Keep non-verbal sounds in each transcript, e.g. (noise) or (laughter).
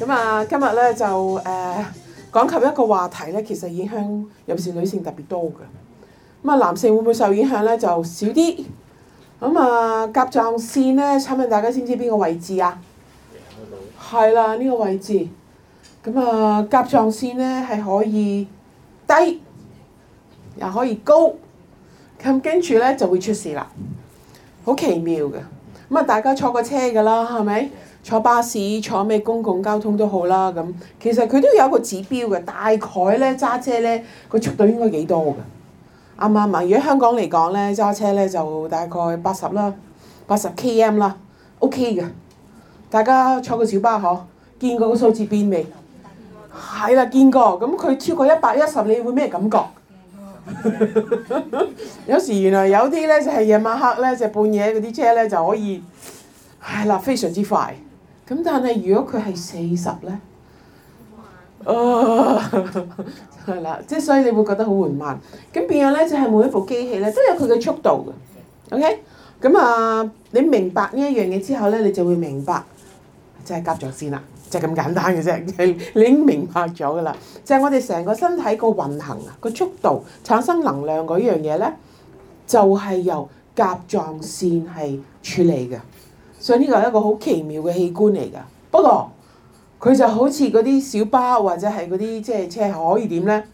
咁啊，今日咧就誒講、呃、及一個話題咧，其實影響尤其是女性特別多嘅。咁啊，男性會唔會受影響咧？就少啲。咁啊，甲狀腺咧，請問大家知唔知邊個位置啊？係、嗯、啦，呢、這個位置。咁啊，甲狀腺咧係可以低，又可以高。咁跟住咧就會出事啦。好奇妙嘅。咁啊，大家坐過車㗎啦，係咪？坐巴士坐咩公共交通都好啦咁，其實佢都有個指標嘅，大概咧揸車咧個速度應該幾多嘅？啱唔啱？如果香港嚟講咧揸車咧就大概八十啦，八十 km 啦，OK 嘅。大家坐個小巴嗬，見過個數字變未？係啦，見過。咁佢超過一百一十，你會咩感覺？有時原來有啲咧就係夜晚黑咧，就半夜嗰啲車咧就可以，係啦，非常之快。咁但係如果佢係四十咧，啊係啦，即係所以你會覺得好緩慢。咁變咗咧，就係每一部機器咧都有佢嘅速度嘅。OK，咁啊，你明白呢一樣嘢之後咧，你就會明白即係甲狀腺啦，就係咁簡單嘅啫。你你已經明白咗噶啦，就係我哋成個身體個運行啊個速度產生能量嗰樣嘢咧，就係由甲狀腺係處理嘅。所以呢個係一個好奇妙嘅器官嚟㗎，不過佢就好似嗰啲小巴或者係嗰啲即係車可以點呢？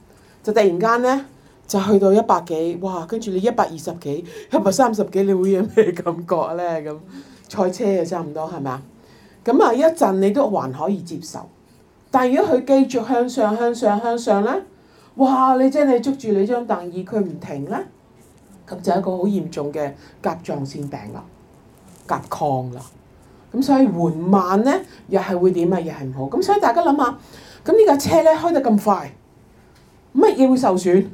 就突然間呢，就去到一百幾，哇！跟住你一百二十幾、一百三十幾，你會有咩感覺呢？咁賽車就差唔多係咪啊？咁啊一陣你都還可以接受，但如果佢繼續向上、向上、向上呢，哇！你真係捉住你張凳椅佢唔停呢，咁就係一個好嚴重嘅甲狀腺病啦。甲亢啦，咁所以緩慢咧又係會點啊？又係唔好。咁所以大家諗下，咁呢架車咧開得咁快，乜嘢會受損？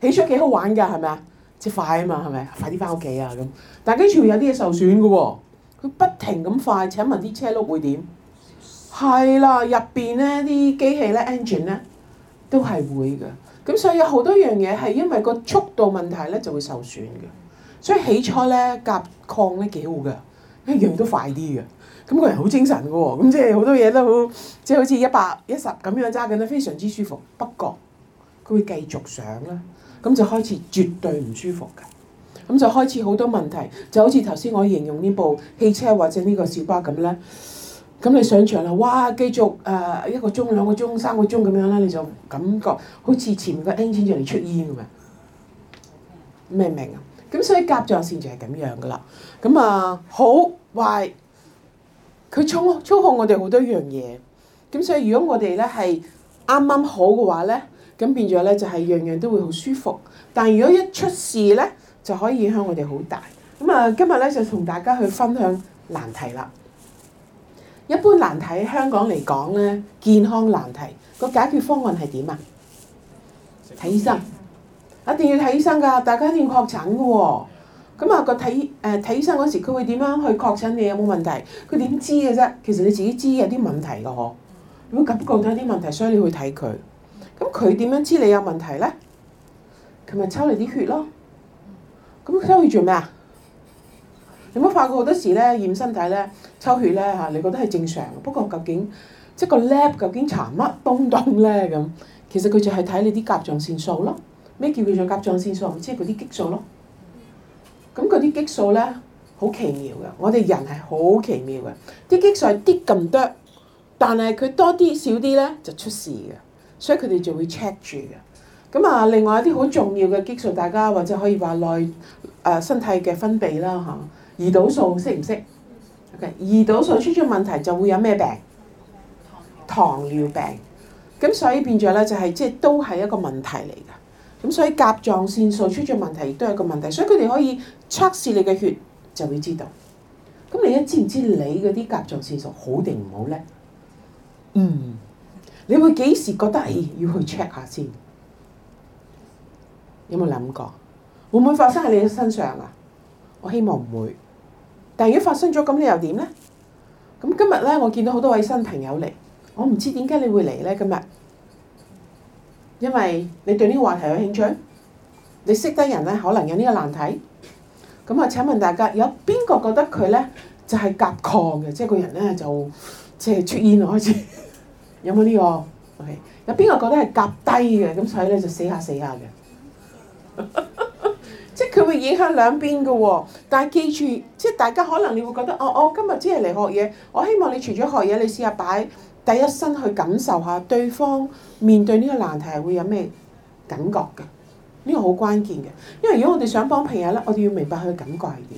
起初幾好玩㗎，係咪啊？即係快啊嘛，係咪？快啲翻屋企啊咁。但係跟住會有啲嘢受損嘅喎。佢不停咁快，請問啲車轆會點？係啦，入邊咧啲機器咧 engine 咧都係會嘅。咁所以有好多樣嘢係因為個速度問題咧就會受損嘅。所以起初咧甲亢咧幾好嘅。一樣都快啲嘅，咁、那個人好精神嘅喎，咁即係好多嘢都即係好似一百一十咁樣揸緊咧，非常之舒服。不過佢會繼續上啦，咁就開始絕對唔舒服嘅，咁就開始好多問題，就好似頭先我形容呢部汽車或者呢個小巴咁咧。咁你上場啦，哇！繼續誒、呃、一個鐘、兩個鐘、三個鐘咁樣啦，你就感覺好似前面嘅 engine 就嚟出煙咁樣，明唔明啊？咁所以甲狀腺就係咁樣噶啦，咁啊好。話佢操操控我哋好多樣嘢，咁所以如果我哋咧係啱啱好嘅話咧，咁變咗咧就係樣樣都會好舒服。但如果一出事咧，就可以影響我哋好大。咁啊，今日咧就同大家去分享難題啦。一般難題喺香港嚟講咧，健康難題個解決方案係點啊？睇醫生，一定要睇醫生㗎，大家一定要確診㗎喎。咁、那、啊、個，個睇誒睇醫生嗰時，佢會點樣去確診你有冇問題？佢點知嘅啫？其實你自己知有啲問題嘅呵，你會感覺到有啲問題，所以你去睇佢。咁佢點樣知你有問題咧？佢咪抽你啲血咯？咁抽血做咩啊？你冇發覺好多時咧驗身體咧抽血咧嚇，你覺得係正常，不過究竟即係個 lab 究竟查乜東東咧咁？其實佢就係睇你啲甲狀腺素咯，咩叫叫做甲狀腺素？即係佢啲激素咯。咁嗰啲激素咧，好奇妙嘅。我哋人係好奇妙嘅，啲激素係啲咁多，但係佢多啲少啲咧就出事嘅，所以佢哋就會 check 住嘅。咁啊，另外一啲好重要嘅激素，大家或者可以話內誒、呃、身體嘅分泌啦嚇、啊。胰島素識唔識？嘅、okay, 胰島素出咗問題就會有咩病？糖尿病。咁所以變咗咧就係即係都係一個問題嚟嘅。咁所以甲狀腺素出咗問題，亦都係一個問題。所以佢哋可以測試你嘅血，就會知道。咁你而家知唔知道你嗰啲甲狀腺素好定唔好咧？嗯，你會幾時覺得唉，要去 check 下先？有冇諗過？會唔會發生喺你嘅身上啊？我希望唔會。但係如果發生咗，咁你又點咧？咁今日咧，我見到好多位新朋友嚟，我唔知點解你會嚟咧今日。因為你對呢個話題有興趣，你識得人咧，可能有呢個難題，咁啊請問大家有邊個覺得佢咧就係、是、甲亢嘅，即係個人咧就即係出現開始，有冇呢、這個？係、okay. 有邊個覺得係夾低嘅，咁所以咧就死下死下嘅， (laughs) 即係佢會影響兩邊嘅喎、哦。但係記住，即係大家可能你會覺得，哦，我、哦、今日只係嚟學嘢，我希望你除咗學嘢，你試下擺。第一身去感受下對方面對呢個難題係會有咩感覺嘅，呢個好關鍵嘅。因為如果我哋想幫朋友咧，我哋要明白佢嘅感覺係點。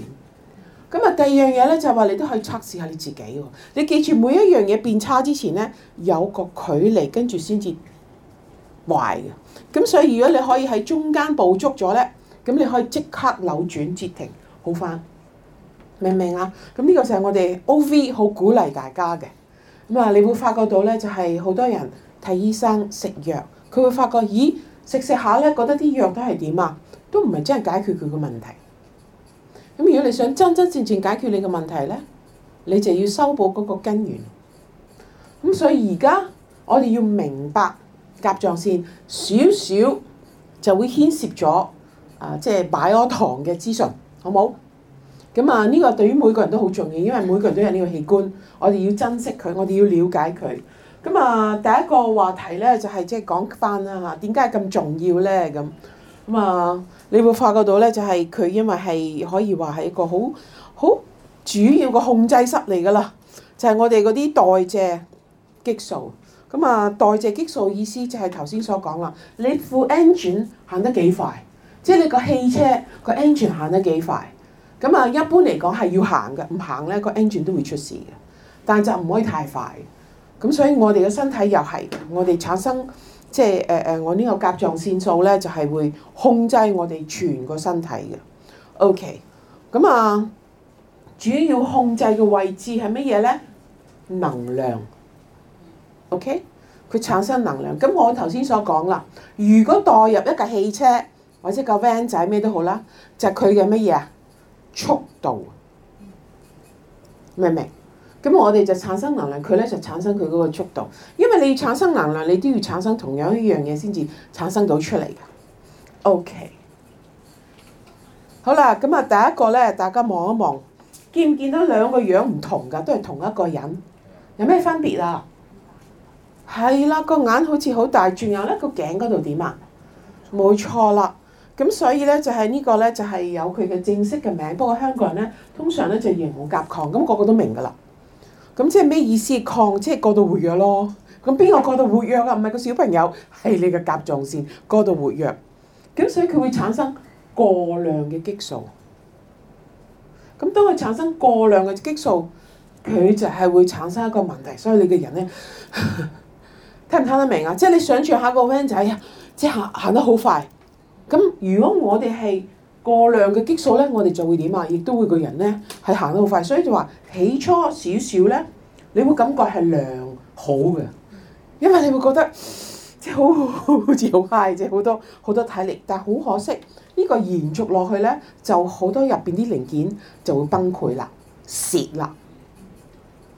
咁啊，第二樣嘢咧就係話你都可以測試下你自己喎。你記住每一樣嘢變差之前咧，有個距離跟住先至壞嘅。咁所以如果你可以喺中間捕捉咗咧，咁你可以即刻扭轉截停好翻。明唔明啊？咁呢個就係我哋 OV 好鼓勵大家嘅。咁啊，你會發覺到咧，就係好多人睇醫生食藥，佢會發覺，咦，食食下咧，覺得啲藥都係點啊，都唔係真係解決佢個問題。咁如果你想真真正正，正解決你個問題咧，你就要修補嗰個根源。咁所以而家我哋要明白甲狀腺少少就會牽涉咗啊，即係擺攤糖嘅資訊，好冇？咁啊！呢個對於每個人都好重要，因為每個人都有呢個器官，我哋要珍惜佢，我哋要了解佢。咁啊，第一個話題咧就係即係講翻啦嚇，點解咁重要咧？咁咁啊，你會發覺到咧，就係佢因為係可以話係一個好好主要個控制室嚟噶啦，就係我哋嗰啲代謝激素。咁啊，代謝激素意思就係頭先所講啦，你副 engine 行得幾快，即係你個汽車個 engine 行得幾快。咁啊，一般嚟講係要行嘅，唔行咧個 engine 都會出事嘅。但就唔可以太快。咁所以我哋嘅身體又係我哋產生，即係誒誒，我呢個甲狀腺素咧就係、是、會控制我哋全個身體嘅。OK，咁啊，主要控制嘅位置係乜嘢咧？能量。OK，佢產生能量。咁我頭先所講啦，如果代入一架汽車或者個 van 仔咩都好啦，就係佢嘅乜嘢啊？速度，明唔明？咁我哋就產生能量，佢咧就產生佢嗰個速度。因為你要產生能量，你都要產生同樣一樣嘢先至產生到出嚟嘅。OK，好啦，咁啊，第一個咧，大家望一望，見唔見到兩個樣唔同㗎？都係同一個人，有咩分別啊？係啦，個眼好似好大，仲有咧個頸嗰度點啊？冇錯啦。沒錯了。咁所以咧就係、是、呢個咧就係、是、有佢嘅正式嘅名，不過香港人咧通常咧就形容甲亢，咁、那個個都明噶啦。咁即係咩意思？亢，即係過度活躍咯。咁邊個過度活躍啊？唔係個小朋友，係你嘅甲狀腺過度活躍。咁所以佢會產生過量嘅激素。咁當佢產生過量嘅激素，佢就係會產生一個問題。所以你嘅人咧聽唔聽得明啊？即係你想象下個 Van 仔啊，即係行得好快。咁如果我哋係過量嘅激素咧，我哋就會點啊？亦都會個人咧係行得好快。所以就話起初少少咧，你會感覺係良好嘅，因為你會覺得即係好好似好 high，即係好多好多體力。但係好可惜，呢個延續落去咧，就好多入邊啲零件就會崩潰啦、蝕啦。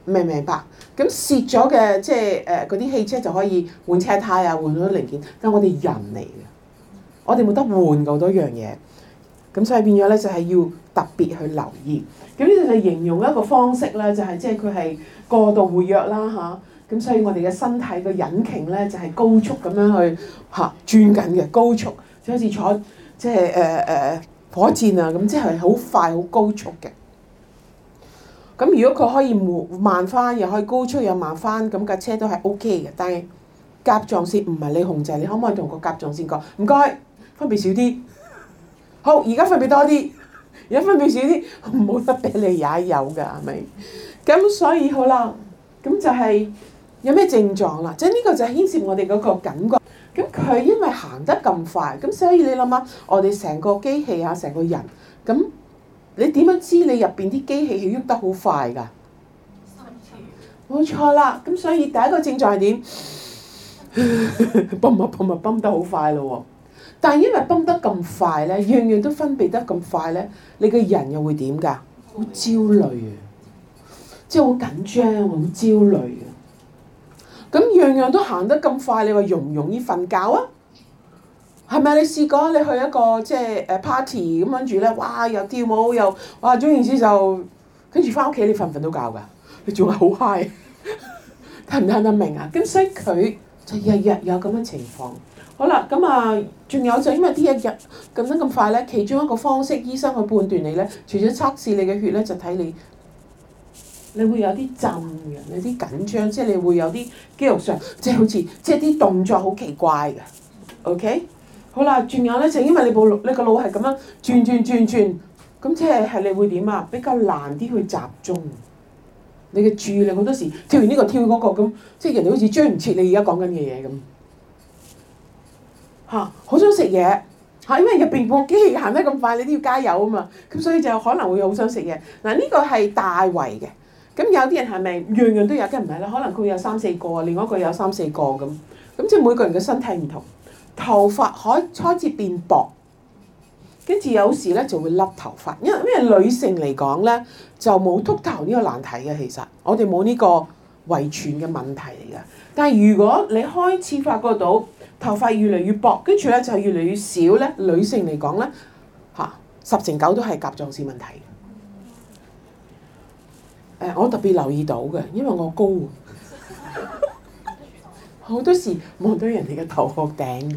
明唔明白？咁蝕咗嘅即係誒嗰啲汽車就可以換車胎啊、換咗多零件，但係我哋人嚟嘅。我哋冇得換好多樣嘢，咁所以變咗咧就係要特別去留意。咁呢度就形容一個方式啦，就係即係佢係過度活躍啦嚇。咁所以我哋嘅身體嘅引擎咧就係高速咁樣去嚇轉緊嘅高速，就好似坐即係誒誒火箭啊咁，即係好快好高速嘅。咁如果佢可以慢翻，又可以高速又慢翻，咁架車都係 OK 嘅。但係甲狀腺唔係你控制，你可唔可以同個甲狀腺講唔該？分別少啲，好，而家分別多啲，而家分別少啲，冇得俾你也有㗎，係咪？咁所以好啦，咁就係有咩症狀啦？即係呢個就牽涉我哋嗰個感覺。咁佢因為行得咁快，咁所以你諗下，我哋成個機器啊，成個人，咁你點樣知你入邊啲機器係喐得好快㗎？冇錯啦，咁所以第一個症狀係點？蹦咪蹦咪蹦得好快咯。但係因為崩得咁快咧，樣樣都分泌得咁快咧，你嘅人又會點㗎？好焦慮啊，即係好緊張，好焦慮啊！咁樣樣都行得咁快，你話容唔容易瞓覺啊？係咪你試過你去一個即係誒、uh, party 咁跟住咧，哇！又跳舞又哇，總言之就跟住翻屋企，你瞓唔瞓到覺㗎？你仲係好嗨，i g 唔聽得明啊？跟所佢就日日有咁樣的情況。好啦，咁啊，仲有就因為啲一日，咁樣咁快咧，其中一個方式，醫生去判斷你咧，除咗測試你嘅血咧，就睇你，你會有啲震嘅，有啲緊張，即係你會有啲肌肉上，即係好似即係啲動作好奇怪嘅，OK？好啦，仲有咧就因為你部你腦，你個腦係咁樣轉轉轉轉，咁即係係你會點啊？比較難啲去集中，你嘅注意力好多時跳完呢個跳嗰個咁，即係人哋好似追唔切你而家講緊嘅嘢咁。嚇、啊，好想食嘢嚇，因為入邊部機器行得咁快，你都要加油啊嘛，咁所以就可能會好想食嘢。嗱、啊、呢、這個係大胃嘅，咁有啲人係咪樣樣都有？梗唔係啦，可能佢有三四個，另外一個有三四個咁，咁即係每個人嘅身體唔同。頭髮可以開始變薄，跟住有時咧就會甩頭髮，因為因為女性嚟講咧就冇禿頭呢個難題嘅，其實我哋冇呢個遺傳嘅問題嚟嘅。但係如果你開始發覺到頭髮越嚟越薄，跟住咧就係、越嚟越少咧，女性嚟講咧，嚇、啊、十成九都係甲狀腺問題嘅、呃。我特別留意到嘅，因為我高 (laughs) (laughs) (laughs) (laughs) 好多時望到人哋嘅頭殼頂㗎。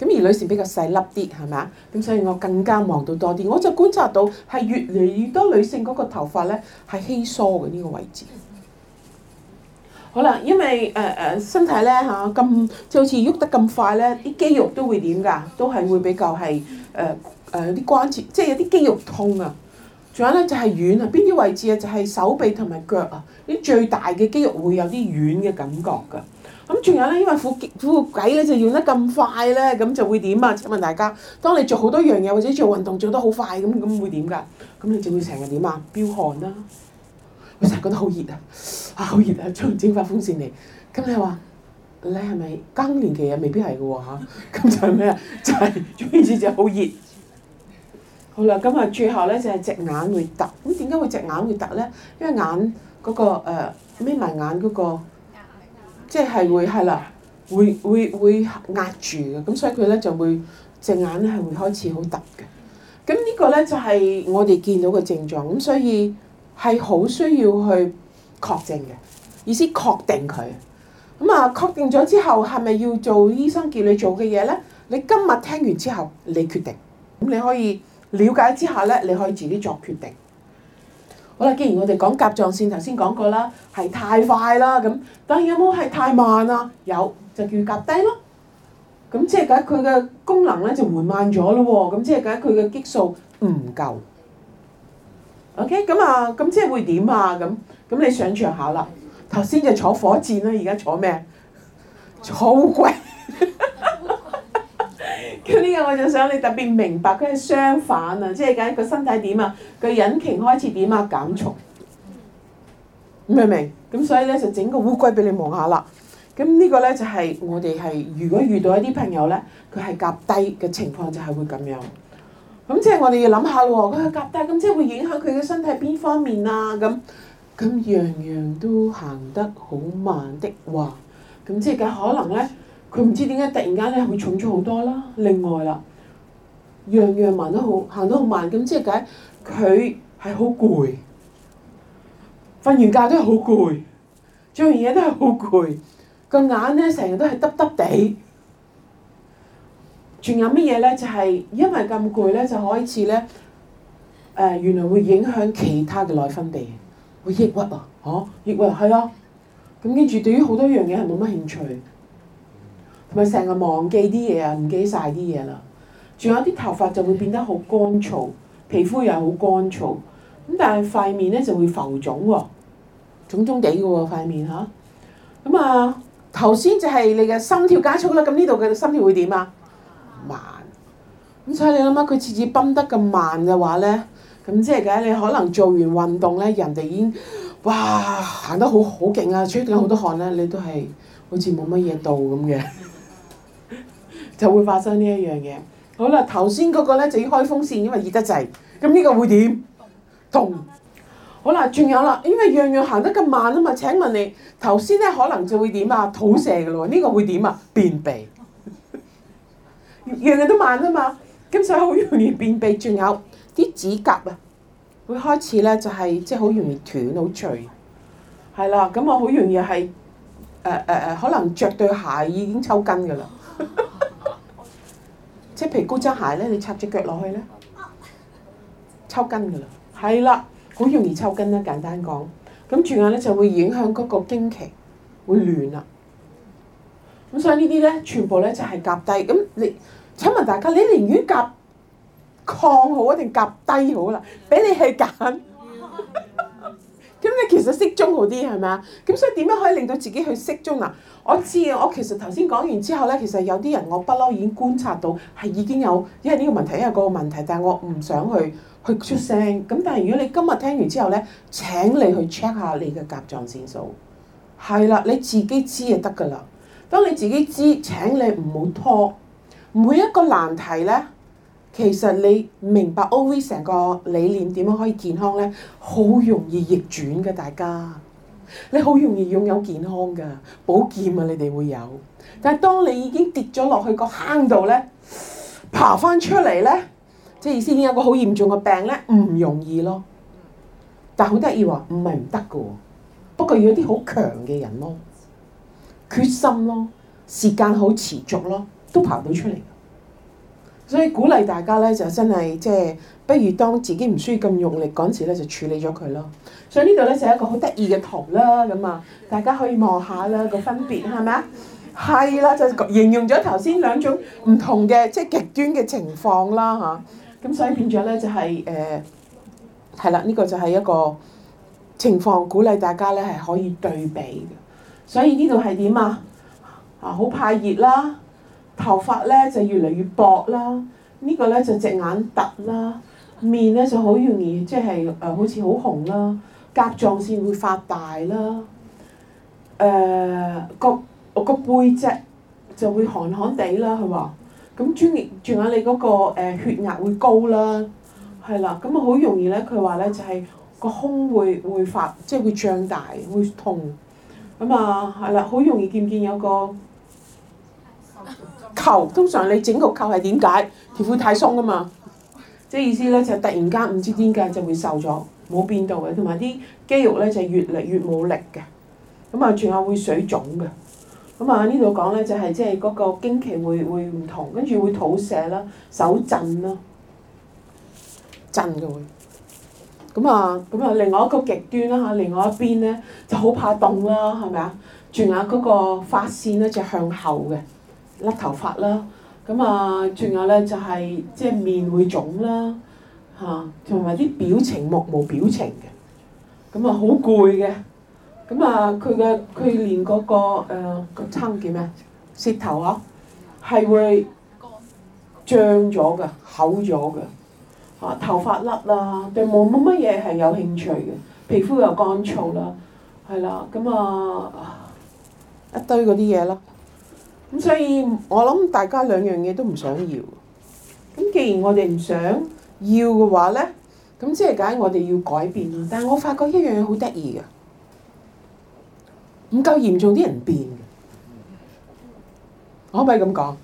咁而女士比較細粒啲係咪啊？咁所以我更加望到多啲。我就觀察到係越嚟越多女性嗰個頭髮咧係稀疏嘅呢、呢個位置。好啦，因為誒誒、呃、身體咧嚇咁，就好似喐得咁快咧，啲肌肉都會點㗎？都係會比較係誒誒有啲關節，即係有啲肌肉痛啊。仲有咧就係軟、就是、啊，邊啲位置啊？就係手臂同埋腳啊，啲最大嘅肌肉會有啲軟嘅感覺㗎。咁、嗯、仲有咧，因為苦極苦鬼咧，就喐得咁快咧，咁就會點啊？請問大家，當你做好多樣嘢或者做運動做得好快咁，咁會點㗎？咁你就會成日點啊？飆汗啦！成日覺得好熱啊！啊，好熱啊！仲整返風扇嚟？咁你話你係咪更年期啊？未必係嘅喎嚇。咁就係咩啊？就係總之就好熱。好啦，咁啊，最後咧就係、是、隻眼會突。咁點解會隻眼會突咧？因為眼嗰個誒眯埋眼嗰個，即、呃、係、那個就是、會係啦，會會會壓住嘅。咁所以佢咧就會隻眼係會開始好突嘅。咁呢個咧就係、是、我哋見到嘅症狀。咁所以。係好需要去確證嘅，意思確定佢。咁啊，確定咗之後係咪要做醫生叫你做嘅嘢咧？你今日聽完之後你決定，咁你可以了解之下咧，你可以自己作決定。好啦，既然我哋講甲狀腺，頭先講過啦，係太快啦，咁但係有冇係太慢啊？有就叫甲低咯。咁即係講佢嘅功能咧就緩慢咗咯喎，咁即係講佢嘅激素唔夠。OK，咁啊，咁即係會點啊？咁咁你想象下啦。頭先就坐火箭啦，而家坐咩？坐烏龜。咁 (laughs) 呢個我就想你特別明白，佢係相反啊！即係講佢身體點啊？佢引擎開始點啊？減重。明唔明？咁所以咧就整個烏龜畀你望下啦。咁呢個咧就係我哋係如果遇到一啲朋友咧，佢係夾低嘅情況就係會咁樣。咁即係我哋要諗下咯喎，佢個甲低咁即係會影響佢嘅身體邊方面啊？咁咁樣樣都行得好慢的話，咁即係嘅可能咧，佢唔知點解突然間咧會重咗好多啦。另外啦，樣樣慢都好行得好慢，咁即係解佢係好攰，瞓完覺都係好攰，做完嘢都係好攰，個眼咧成日都係耷耷地。仲有乜嘢咧？就係、是、因為咁攰咧，就開始咧，誒、呃、原來會影響其他嘅內分泌，會抑鬱啊，嚇、啊、抑鬱係囉。咁跟住對於好多樣嘢係冇乜興趣，同咪？成日忘記啲嘢啊，唔記晒啲嘢啦。仲有啲頭髮就會變得好乾燥，皮膚又好乾燥。咁但係塊面咧就會浮腫喎，腫腫地嘅喎塊面吓，咁啊頭先、啊、就係你嘅心跳加速啦，咁呢度嘅心跳會點啊？慢，咁所以你諗下佢次次泵得咁慢嘅話咧，咁即係嘅你可能做完運動咧，人哋已經哇行得好好勁啊，出咗好多汗咧，你都係好似冇乜嘢到咁嘅， (laughs) 就會發生呢一樣嘢。好啦，頭先嗰個咧就要開風扇，因為熱得滯。咁呢個會點？凍。好啦，仲有啦，因為樣樣行得咁慢啊嘛。請問你頭先咧可能就會點啊？吐瀉嘅咯喎，呢、這個會點啊？便秘。樣樣都慢啊嘛，咁所以好容易便秘，仲有啲指甲啊，會開始咧就係即係好容易斷、好脆，係啦，咁我好容易係誒誒誒，可能着對鞋已經抽筋噶啦，即係譬如高踭鞋咧，你插隻腳落去咧，抽筋噶啦，係啦，好容易抽筋啦，簡單講，咁轉眼咧就會影響嗰個經期，會亂啦。咁所以這些呢啲咧，全部咧就係、是、夾低。咁你請問大家，你寧願夾抗好啊，定夾低好啦？俾你去揀。咁 (laughs) 你其實適中好啲係咪啊？咁所以點樣可以令到自己去適中啊？我知啊，我其實頭先講完之後咧，其實有啲人我不嬲已經觀察到係已經有，因為呢個問題，因為嗰個問題，但係我唔想去去出聲。咁但係如果你今日聽完之後咧，請你去 check 下你嘅甲狀腺素，係啦，你自己知就得㗎啦。當你自己知，請你唔好拖。每一個難題咧，其實你明白 O V 成個理念點樣可以健康咧，好容易逆轉嘅。大家你好容易擁有健康嘅保健啊，你哋會有。但係當你已經跌咗落去個坑度咧，爬翻出嚟咧，即係意思已經有個好嚴重嘅病咧，唔容易咯。但係好得意話，唔係唔得嘅，不過有啲好強嘅人咯。決心咯，時間好持續咯，都爬到出嚟。所以鼓勵大家咧，就真係即係不如當自己唔需要咁用力嗰陣時咧，就處理咗佢咯。所以呢度咧就係一個好得意嘅圖啦，咁啊，大家可以望下啦，個分別係咪啊？係啦，就形容咗頭先兩種唔同嘅即係極端嘅情況啦吓，咁所以變咗咧就係誒係啦，呢、呃呢個就係一個情況，鼓勵大家咧係可以對比嘅。所以呢度係點啊？啊，好怕熱啦，頭髮咧就越嚟越薄啦，這個、呢個咧就隻眼凸啦，面咧就好容易即係、就是呃、好似好紅啦，甲狀腺會發大啦，誒、呃、個我個背脊就會寒寒地啦，係嘛？咁專業仲有你嗰、那個、呃、血壓會高啦，係啦，咁啊好容易咧，佢話咧就係、是、個胸會會發即係、就是、會脹大，會痛。咁、嗯、啊，係啦，好容易見見有個球，通常你整個球係點解？條褲太鬆啊嘛，即係意思咧就突然間唔知點解就會瘦咗，冇變到嘅，同埋啲肌肉咧就越嚟越冇力嘅，咁啊仲有會水腫嘅，咁啊呢度講咧就係即係嗰個經期會會唔同，跟住會肚瀉啦、手震啦、震到。咁啊，咁啊，另外一個極端啦吓，另外一邊咧就好怕凍啦，係咪啊？仲有嗰個髮線咧就是、向後嘅，甩頭髮啦。咁、就是就是、啊，仲有咧就係即係面會腫啦，吓，同埋啲表情目無表情嘅。咁啊，好攰嘅。咁啊，佢嘅佢連嗰、嗰個誒個撐叫咩啊？舌頭啊，係會脹咗嘅，厚咗嘅。啊，頭髮甩啦，對冇冇乜嘢係有興趣嘅，皮膚又乾燥啦，係啦，咁啊一堆嗰啲嘢啦，咁所以我諗大家兩樣嘢都唔想要，咁既然我哋唔想要嘅話咧，咁即係解我哋要改變啦。但係我發覺一樣嘢好得意嘅，唔夠嚴重啲人變，我可唔可以咁講？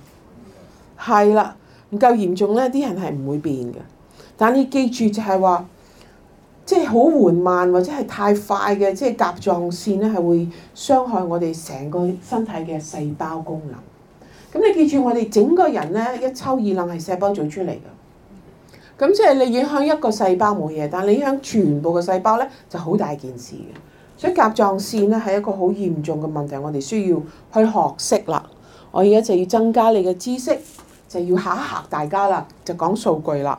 係啦，唔夠嚴重咧，啲人係唔會變嘅。但你記住就係話，即係好緩慢或者係太快嘅，即係甲狀腺咧，係會傷害我哋成個身體嘅細胞功能。咁你記住，我哋整個人咧一抽二愣係細胞組出嚟嘅。咁即係你影響一個細胞冇嘢，但你影響全部嘅細胞咧，就好大件事嘅。所以甲狀腺咧係一個好嚴重嘅問題，我哋需要去學識啦。我而家就要增加你嘅知識，就要嚇一嚇大家啦，就講數據啦。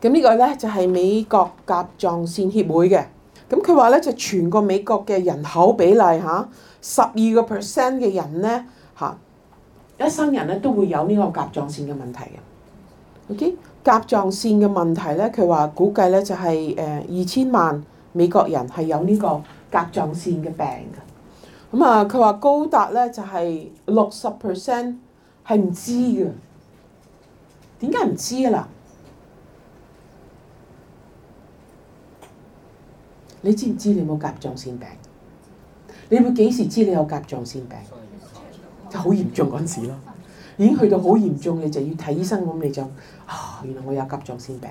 咁呢個咧就係、是、美國甲狀腺協會嘅，咁佢話咧就是、全個美國嘅人口比例吓，十二個 percent 嘅人咧吓，一生人咧都會有呢個甲狀腺嘅問題嘅。O.K. 甲狀腺嘅問題咧，佢話估計咧就係誒二千萬美國人係有呢個甲狀腺嘅病嘅。咁啊，佢話高達咧就係六十 percent 係唔知嘅，點解唔知啊啦？你知唔知你有冇甲狀腺病？你會幾時知你有甲狀腺病？就好嚴重嗰時，已經去到好嚴重，你就要睇醫生。咁嚟就、啊、原來我有甲狀腺病。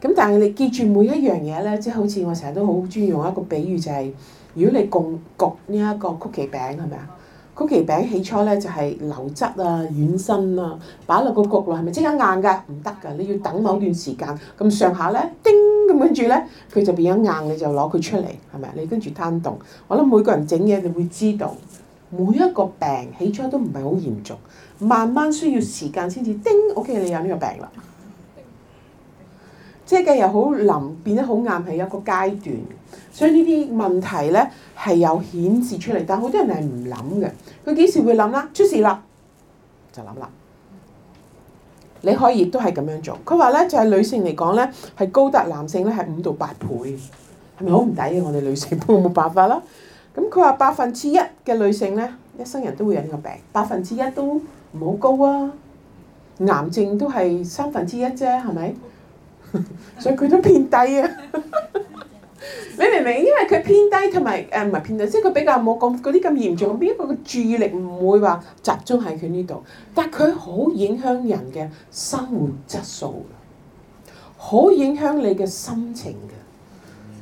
咁但係你記住每一樣嘢咧，即好似我成日都好鍾意用一個比喻就係、是，如果你焗呢一個曲奇餅係咪是曲奇餅起初咧就係、是、流質啊、軟身啊，擺落個焗爐係咪即刻硬嘅？唔得噶，你要等某段時間。咁上下咧，叮，咁跟住咧，佢就變咗硬，你就攞佢出嚟，係咪？你跟住攤凍。我諗每個人整嘢，你會知道每一個病起初都唔係好嚴重，慢慢需要時間先至叮。OK，你有呢個病啦。即係又好腍，變得好硬，係一個階段。所以呢啲問題咧係有顯示出嚟，但係好多人係唔諗嘅。佢幾時會諗啦？出事啦就諗啦。你可以都係咁樣做。佢話咧就係、是、女性嚟講咧係高達男性咧係五到八倍，係咪好唔抵嘅？我哋女性冇冇辦法啦。咁佢話百分之一嘅女性咧一生人都會有呢個病，百分之一都唔好高啊。癌症都係三分之一啫，係咪？ (laughs) 所以佢都偏低啊。 (laughs) 你明唔明？因為佢偏低同埋誒唔係偏低，即係佢比較冇咁嗰啲咁嚴重。邊個嘅注意力唔會話集中喺佢呢度？但係佢好影響人嘅生活質素，好影響你嘅心情嘅。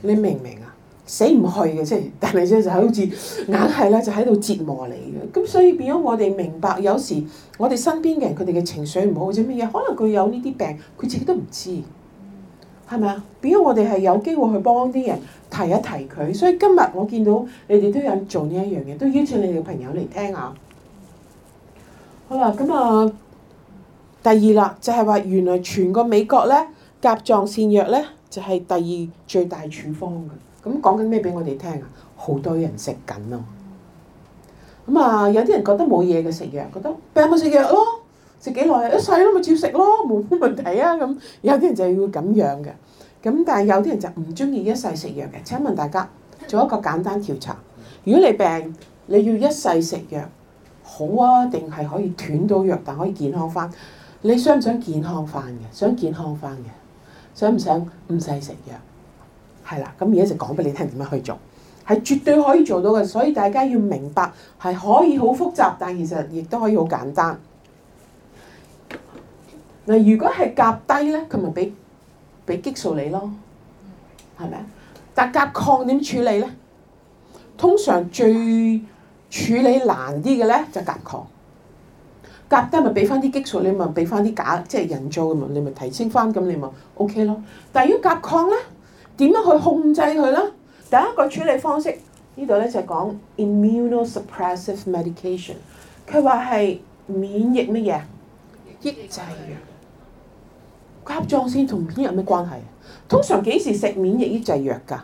你明唔明啊？死唔去嘅，即係但係即係就好似硬係咧，就喺度折磨你嘅。咁所以變咗我哋明白，有時我哋身邊嘅人佢哋嘅情緒唔好或者咩嘢，可能佢有呢啲病，佢自己都唔知。係咪啊？比如我哋係有機會去幫啲人提一提佢，所以今日我見到你哋都有做呢一樣嘢，都邀請你哋嘅朋友嚟聽下。好啦，咁啊，第二啦，就係話原來全個美國咧，甲狀腺藥咧就係第二最大處方嘅。咁講緊咩？畀我哋聽啊！好多人食緊咯。咁啊，有啲人覺得冇嘢嘅食藥，覺得病冇食藥咯。食幾耐啊？一世咯，咪照食咯，冇乜問題啊！咁有啲人就要咁樣嘅咁，但係有啲人就唔中意一世食藥嘅。請問大家做一個簡單調查，如果你病，你要一世食藥好啊，定係可以斷到藥但可以健康翻？你想唔想健康翻嘅？想健康翻嘅，想唔想唔使食藥？係啦，咁而家就講俾你聽點樣去做，係絕對可以做到嘅。所以大家要明白係可以好複雜，但其實亦都可以好簡單。嗱，如果係甲低咧，佢咪俾俾激素你咯，係咪啊？但甲亢點處理咧？通常最處理難啲嘅咧就甲亢。甲低咪俾翻啲激素，你咪俾翻啲假，即係人造嘅嘛，你咪提升翻，咁你咪 O.K. 咯。但係如果甲亢咧，點樣去控制佢咧？第一個處理方式，呢度咧就係講 immunosuppressive medication，佢話係免疫乜嘢抑制啊？甲狀腺同免疫有咩關係？通常幾時食免疫抑制藥噶？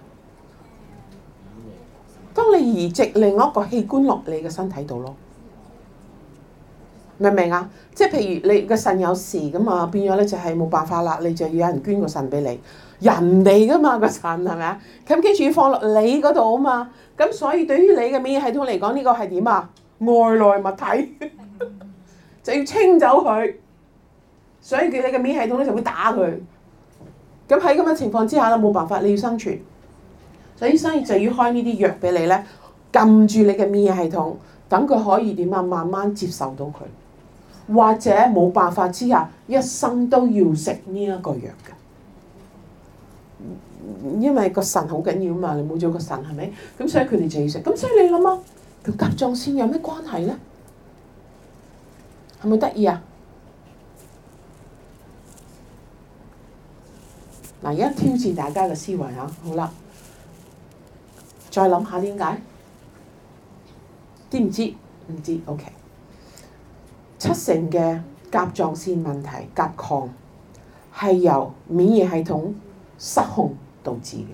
當你移植另外一個器官落你嘅身體度咯，明唔明啊？即係譬如你個腎有事咁嘛，變咗咧就係冇辦法啦，你就要有人捐個腎俾你，人哋噶嘛個腎係咪啊？咁跟住放落你嗰度啊嘛，咁、那個、所以對於你嘅免疫系統嚟講，呢、這個係點啊？外來物體， (laughs) 就要清走佢。所以叫你嘅免疫系統咧就會打佢，咁喺咁嘅情況之下咧冇辦法你要生存，所以醫生就要開呢啲藥畀你咧，撳住你嘅免疫系統，等佢可以點啊慢慢接受到佢，或者冇辦法之下一生都要食呢一個藥嘅，因為個腎好緊要嘛，你冇咗個腎係咪？咁所以佢哋就要食，咁所以你諗下，同甲狀腺有咩關係咧？係咪得意啊？嗱，而家挑戰大家嘅思維啊，好啦，再諗下點解？知唔知？唔知？OK。七成嘅甲狀腺問題甲亢係由免疫系統失控導致嘅，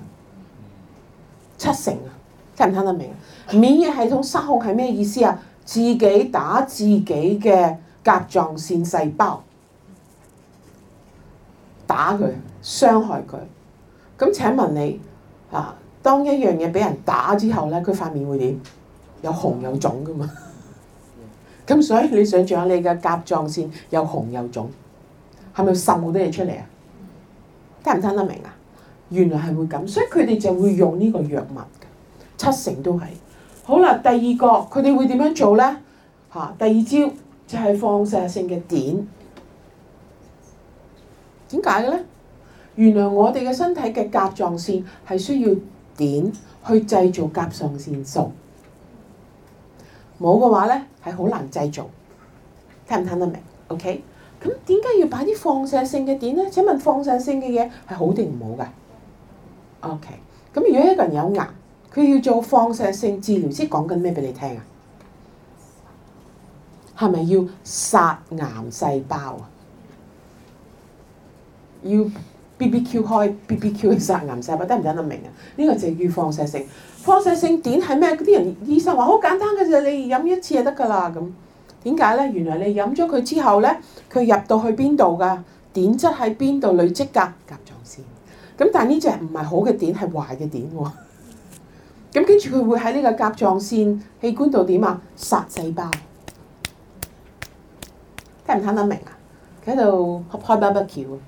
七成啊，聽唔聽得明？免疫系統失控係咩意思啊？自己打自己嘅甲狀腺細胞，打佢。傷害佢，咁請問你啊？當一樣嘢畀人打之後咧，佢塊面會點？有紅有腫噶嘛？咁 (laughs) 所以你想象你嘅甲狀腺有紅有腫，係咪滲好多嘢出嚟啊？聽唔聽得明啊？原來係會咁，所以佢哋就會用呢個藥物，七成都係。好啦，第二個佢哋會點樣做咧？嚇、啊，第二招就係、是、放射性嘅碘，點解嘅咧？原來我哋嘅身體嘅甲狀腺係需要碘去製造甲狀腺素，冇嘅話咧係好難製造。聽唔聽得明？OK，咁點解要擺啲放射性嘅碘咧？請問放射性嘅嘢係好定唔好㗎？OK，咁如果一個人有癌，佢要做放射性治療，先講緊咩畀你聽啊？係咪要殺癌細胞啊？要。B B Q 開 B B Q 去殺癌細胞得唔得？你明啊？呢個就係預防放射性。放射性碘係咩？啲人醫生話好簡單嘅啫，你飲一次就得㗎啦。咁點解咧？原來你飲咗佢之後咧，佢入到去邊度㗎？碘質喺邊度累積㗎？甲狀腺。咁但係呢隻唔係好嘅碘，係壞嘅碘喎。咁跟住佢會喺呢個甲狀腺器官度點啊？殺細胞。得唔得？你明啊？佢就開 B B Q。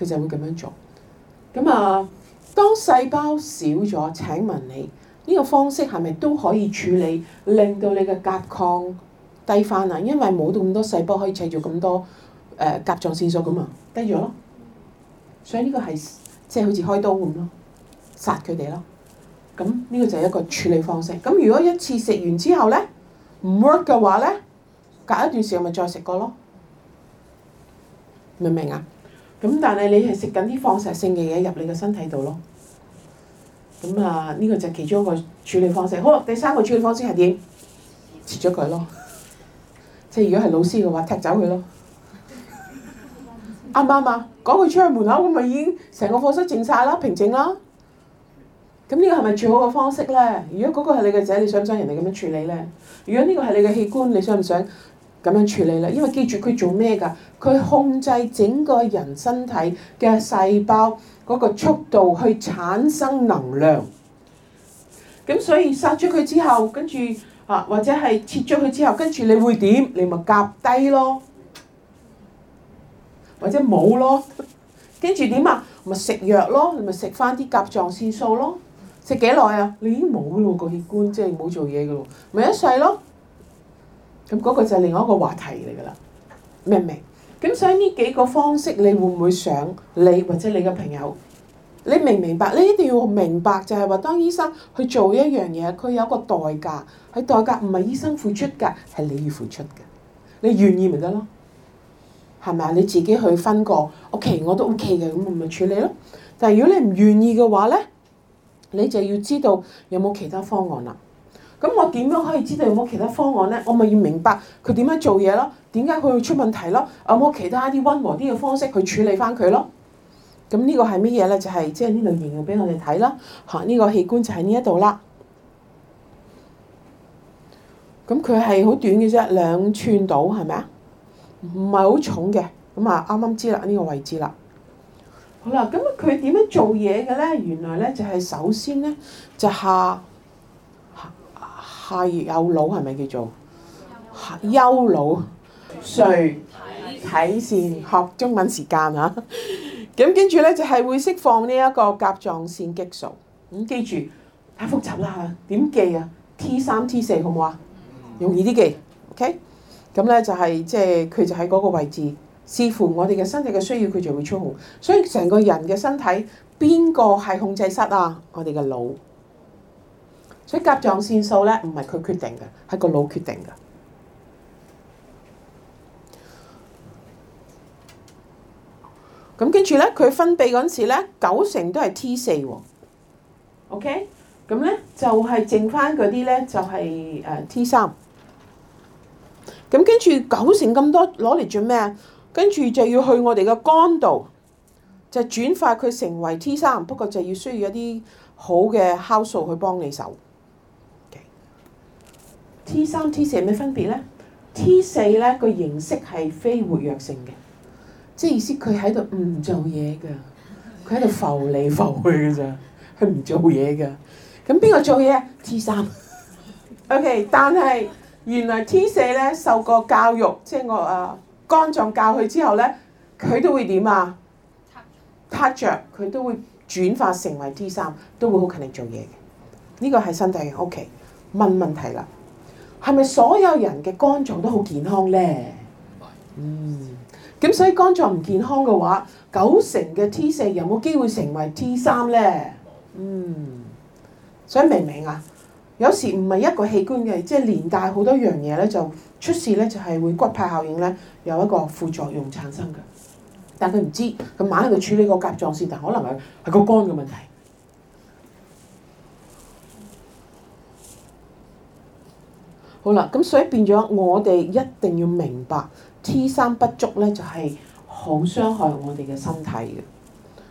佢就會咁樣做。咁啊，當細胞少咗，請問你呢個方式係咪都可以處理，令到你嘅甲亢低翻啊？因為冇到咁多細胞可以製造咁多誒甲狀腺素咁啊，低咗咯。所以呢個係即係好似開刀咁咯，殺佢哋咯。咁呢個就係一個處理方式。咁如果一次食完之後咧唔 work 嘅話咧，隔一段時間咪再食過咯，明唔明啊？咁但係你係食緊啲放射性嘅嘢入你嘅身體度咯，咁啊呢個就係其中一個處理方式。好，第三個處理方式係點？切咗佢咯，即係如果係老師嘅話，踢走佢咯。啱唔啱啊？趕佢出去門口，咁咪已經成個課室靜晒啦，平靜啦。咁呢個係咪最好嘅方式咧？如果嗰個係你嘅仔，你想唔想人哋咁樣處理咧？如果呢個係你嘅器官，你想唔想？咁樣處理啦，因為記住佢做咩㗎？佢控制整個人身體嘅細胞嗰個速度去產生能量。咁所以殺咗佢之後，跟住啊或者係切咗佢之後，跟住你會點？你咪夾低咯，或者冇咯。跟住點啊？咪食藥咯，你咪食返啲甲狀腺素咯。食幾耐啊？你已經冇咗個器官，即係冇做嘢嘅咯，咪一世咯。咁、那、嗰個就係另外一個話題嚟噶啦，明唔明？咁所以呢幾個方式，你會唔會想你或者你嘅朋友？你明唔明白？你一定要明白就係話，當醫生去做一樣嘢，佢有一個代價，佢代價唔係醫生付出㗎，係你要付出嘅。你願意咪得咯？係咪啊？你自己去分個，OK 我都 OK 嘅，咁我咪處理咯。但係如果你唔願意嘅話咧，你就要知道有冇其他方案啦。咁我點樣可以知道有冇其他方案咧？我咪要明白佢點樣做嘢咯？點解佢會出問題咯？有冇其他啲溫和啲嘅方式去處理翻佢咯？咁呢個係乜嘢咧？就係即係呢類型嘅俾我哋睇啦。嚇，呢個器官就喺呢一度啦。咁佢係好短嘅啫，兩寸到係咪啊？唔係好重嘅。咁啊，啱啱知啦，呢個位置啦。好啦，咁佢點樣做嘢嘅咧？原來咧就係首先咧就下。係有腦，係咪叫做腦下垂體線？學中文時間啊！咁跟住咧就係會釋放呢一個甲狀腺激素，啊。咁記住，太複雜啦嚇，點記啊？T 三 T 四好唔好啊？容易啲記，OK？咁咧就係、是，即係佢就喺嗰個位置，視乎我哋嘅身體嘅需要，佢就會操控。所以成個人嘅身體邊個係控制室啊？我哋嘅腦。所以甲狀腺素咧唔係佢決定嘅，係個腦決定嘅。咁跟住咧，佢分泌嗰陣時咧，九成都係 T 四喎。OK？咁咧就係剩翻嗰啲咧，就係誒 T 三。咁跟住九成咁多攞嚟做咩啊？跟住就要去我哋嘅肝度，就轉化佢成為 T 三，不過就要需要一啲好嘅酵素去幫你手。T 三 T 四係咩分別咧？T 四咧個形式係非活躍性嘅，即係意思佢喺度唔做嘢㗎，佢喺度浮嚟浮去㗎咋，佢唔做嘢㗎。咁邊個做嘢啊？T 三。OK，但係原來 T 四咧受過教育，即係我啊肝臟教佢之後咧，佢都會點啊？撻著，佢都會轉化成為 T 三，都會好勤力做嘢嘅。呢個係身體嘅 OK。問問題啦。係咪所有人嘅肝臟都好健康咧？嗯，咁所以肝臟唔健康嘅話，九成嘅 T 四有冇機會成為 T 三咧？嗯，所以明唔明啊？有時唔係一個器官嘅，即係連帶好多樣嘢咧，就出事咧，就係會骨牌效應咧，有一個副作用產生嘅。但佢唔知，咁晚喺度處理個甲狀腺，但可能係係個肝嘅問題。好啦，咁所以變咗，我哋一定要明白 T 三不足咧，就係、是、好傷害我哋嘅身體嘅。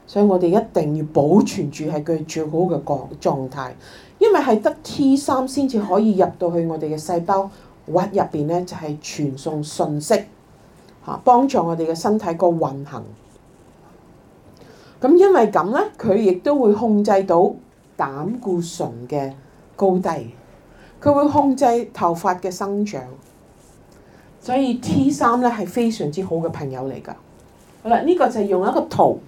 所以我哋一定要保存住係佢最好嘅狀狀態，因為係得 T 三先至可以入到去我哋嘅細胞核入邊咧，就係、是、傳送信息，嚇幫助我哋嘅身體個運行。咁因為咁咧，佢亦都會控制到膽固醇嘅高低。佢會控制頭髮嘅生長，所以 T 三咧係非常之好嘅朋友嚟㗎。好啦，呢個就係用一個圖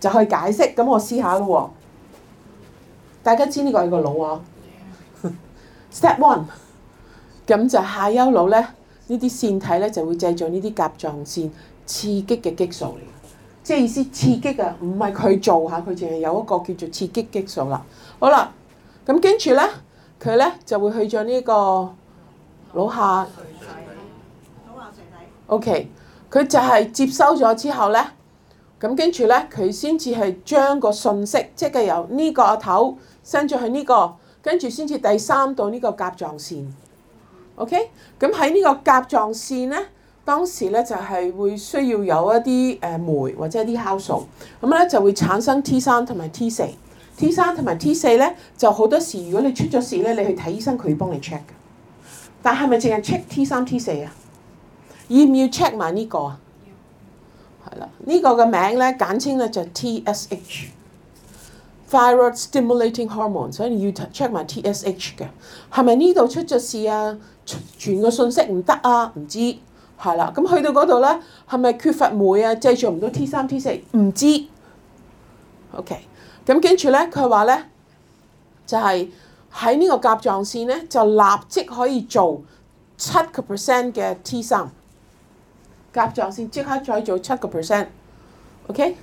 就去解釋。咁我試下咯喎，大家知呢個係個腦啊。Yeah. Step one，咁就下丘腦咧，呢啲腺體咧就會製造呢啲甲狀腺刺激嘅激素嚟。即係意思是刺激啊，唔係佢做下，佢淨係有一個叫做刺激激素啦。好啦，咁跟住咧。佢咧就會去咗呢個腦下，O K. 佢就係接收咗之後咧，咁跟住咧佢先至係將個信息，即係由呢個頭，伸咗去呢個，跟住先至第三到呢個甲狀腺。O K. 咁喺呢個甲狀腺咧，當時咧就係會需要有一啲誒酶或者一啲酵素，咁咧就會產生 T 三同埋 T 四。T 三同埋 T 四咧，就好多時，如果你出咗事咧，你去睇醫生，佢幫你 check 嘅。但係咪淨係 check T 三 T 四啊？要唔要 check 埋呢個啊？係啦，這個、呢個嘅名咧簡稱咧就是、TSH。Thyroid stimulating hormone，所以要 check 埋 TSH 嘅。係咪呢度出咗事啊？全個訊息唔得啊？唔知。係啦，咁去到嗰度咧，係咪缺乏鎂啊？製造唔到 T 三 T 四，唔知。OK。咁跟住咧，佢話咧就係喺呢個甲狀腺咧，就立即可以做七個 percent 嘅 T 三。T3，甲狀腺即刻再做七個 percent，OK？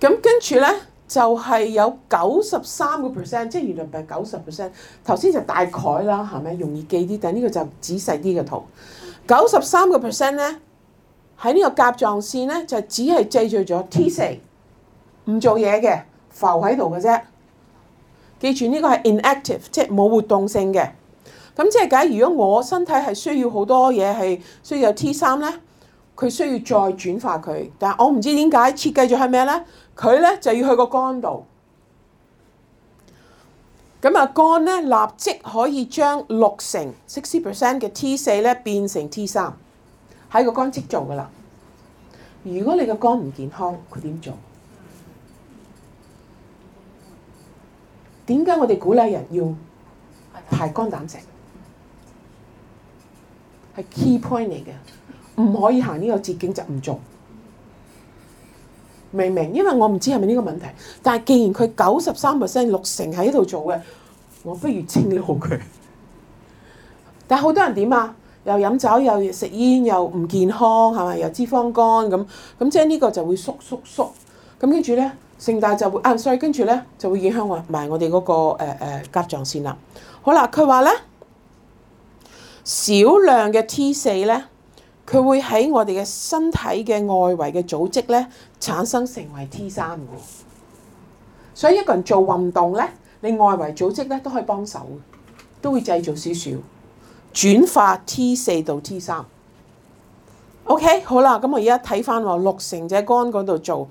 咁跟住咧就係、是、有九十三個 percent，即係原來唔係九十 percent。頭先就大概啦，係咪容易記啲？但呢個就仔細啲嘅圖。九十三個 percent 咧，喺呢個甲狀腺咧就只係製造咗 T 四，唔做嘢嘅。浮喺度嘅啫，記住呢個係 inactive，即係冇活動性嘅。咁即係假如果我身體係需要好多嘢係需要有 T 三咧，佢需要再轉化佢，但係我唔知點解設計咗係咩咧？佢咧就要去個肝度。咁啊，肝咧立即可以將六成 sixty percent 嘅 T 四咧變成 T 三，喺個肝即做噶啦。如果你個肝唔健康，佢點做？點解我哋鼓勵人要排肝膽石？係 key point 嚟嘅，唔可以行呢個捷徑就唔做。明唔明？因為我唔知係咪呢個問題，但係既然佢九十三 percent、六成喺度做嘅，我不如清理好佢。但係好多人點啊？又飲酒又食煙又唔健康係咪？又脂肪肝咁咁，即係呢個就會縮縮縮。咁跟住咧。成大就會啊，所以跟住咧就會影響埋我哋嗰個誒甲狀腺啦。好啦，佢話咧，少量嘅 T 四咧，佢會喺我哋嘅身體嘅外圍嘅組織咧，產生成為 T 三。所以一個人做運動咧，你外圍組織咧都可以幫手，都會製造少少轉化 T 四到 T 三。OK，好啦，咁我而家睇翻六成隻肝嗰度做。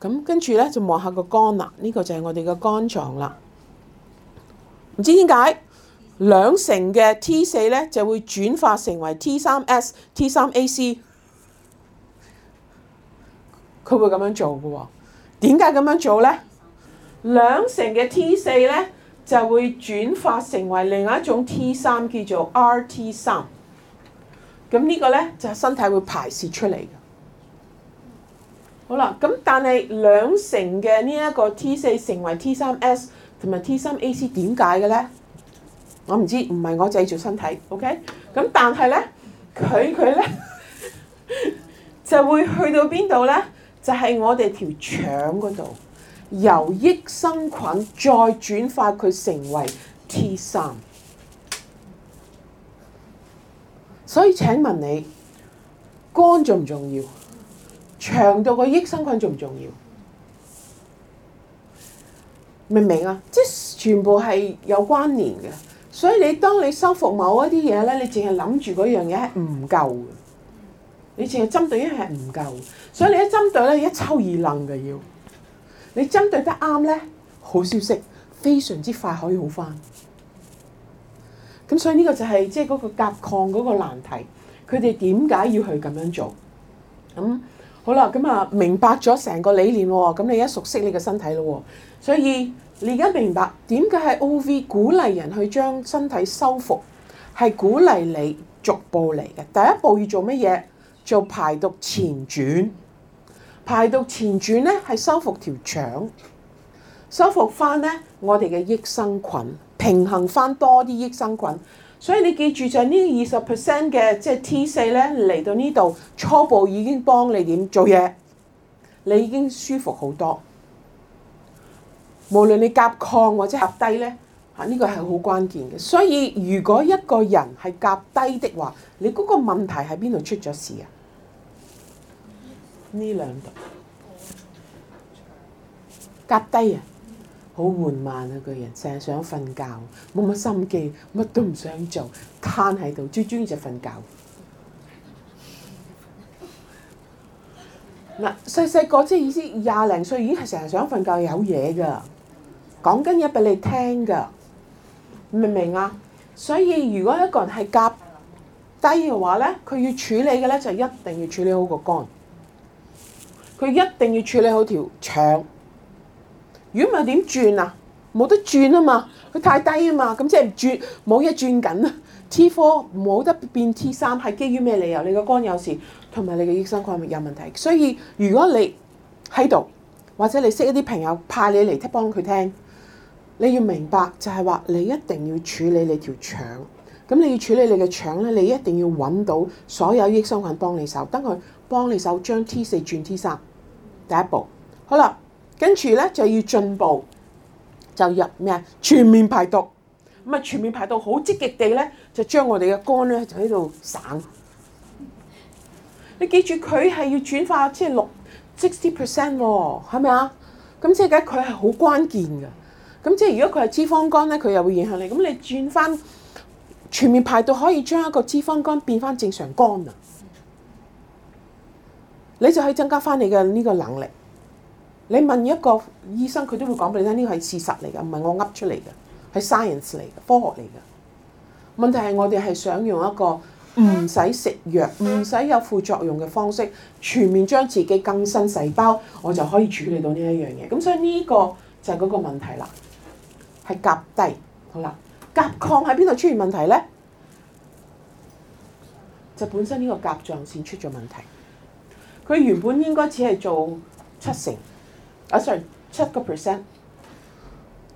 咁跟住咧就望下個肝啦，呢個就係我哋嘅肝臟啦。唔知點解兩成嘅 T 四咧就會轉化成為 T 三 S、T 三 AC，佢會咁樣做嘅喎。點解咁樣做咧？兩成嘅 T 四咧就會轉化成為另外一種 T 三，叫做 RT 三。咁呢個咧就係身體會排泄出嚟。好啦，咁但係兩成嘅呢一個 T 四成為 T 三 S 同埋 T 三 AC 點解嘅咧？我唔知，唔係我製造身體，OK？咁但係咧，佢佢咧就會去到邊度咧？就係我哋條腸嗰度，由益生菌再轉化佢成為 T 三。所以請問你肝重唔重要？長度個益生菌重唔重要？明唔明啊？即係全部係有關聯嘅，所以你當你收復某一啲嘢咧，你淨係諗住嗰樣嘢係唔夠嘅，你淨係針對於係唔夠，所以你一針對咧一抽二愣嘅要你針對得啱咧，好消息非常之快可以好返。咁所以呢個就係即係嗰個甲亢嗰個難題，佢哋點解要去咁樣做咁？好啦，咁啊明白咗成個理念喎，咁你而家熟悉你個身體咯喎，所以你而家明白點解係 O V 鼓勵人去將身體修復，係鼓勵你逐步嚟嘅。第一步要做乜嘢？做排毒前轉，排毒前轉咧係修復條腸，修復翻咧我哋嘅益生菌，平衡翻多啲益生菌。所以你記住這20的就係呢二十 percent 嘅即係 T 四咧，嚟到呢度初步已經幫你點做嘢，你已經舒服好多。無論你甲亢或者甲低咧嚇，呢、這個係好關鍵嘅。所以如果一個人係甲低的話，你嗰個問題喺邊度出咗事啊？呢兩度甲低啊！好緩慢啊！個人成日想瞓覺，冇乜心機，乜都唔想做，攤喺度。最中意就瞓覺。嗱， (laughs) 細細個即係意思，廿零歲已經係成日想瞓覺有嘢噶，講緊嘢俾你聽噶，明唔明啊？所以如果一個人係夾低嘅話呢，佢要處理嘅呢，就一定要處理好個肝，佢一定要處理好條腸。如果唔係點轉啊？冇得轉啊嘛！佢太低啊嘛！咁即係唔轉冇嘢轉緊啊！T four 冇得變 T 三係基於咩理由？你個肝有事，同埋你嘅益生菌有問題。所以如果你喺度，或者你識一啲朋友派你嚟聽幫佢聽，你要明白就係話你一定要處理你條腸。咁你要處理你嘅腸咧，你一定要揾到所有益生菌幫你手，等佢幫你手將 T 四轉 T 三。T3，第一步，好啦。跟住咧就要進步，就入咩啊？全面排毒，咁啊全面排毒好積極地咧，就將我哋嘅肝咧就喺度省。你記住佢係要轉化，即係六 sixty percent 喎，係咪啊？咁即係嘅佢係好關鍵嘅。咁即係如果佢係脂肪肝咧，佢又會影響你。咁你轉翻全面排毒，可以將一個脂肪肝變翻正常肝啊！你就可以增加翻你嘅呢個能力。你問一個醫生，佢都會講俾你聽，呢個係事實嚟嘅，唔係我噏出嚟嘅，係 science 嚟嘅，科學嚟嘅。問題係我哋係想用一個唔使食藥、唔使有副作用嘅方式，全面將自己更新細胞，我就可以處理到呢一樣嘢。咁所以呢個就係嗰個問題啦，係甲低。好啦，甲亢喺邊度出現問題呢？就本身呢個甲狀腺出咗問題，佢原本應該只係做七成。啊，sorry，七個 percent，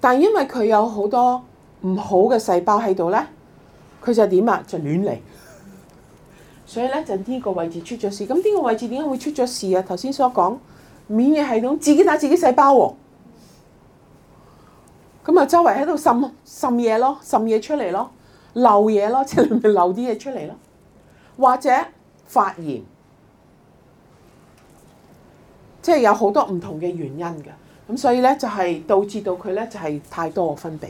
但係因為佢有好多唔好嘅細胞喺度咧，佢就點啊？就亂嚟，所以咧就呢個位置出咗事。咁呢個位置點解會出咗事啊？頭先所講，免疫系統自己打自己細胞喎，咁啊周圍喺度滲滲嘢咯，滲嘢出嚟咯，漏嘢咯，即係咪漏啲嘢出嚟咯，或者發炎。即係有好多唔同嘅原因嘅，咁所以咧就係導致到佢咧就係太多嘅分泌，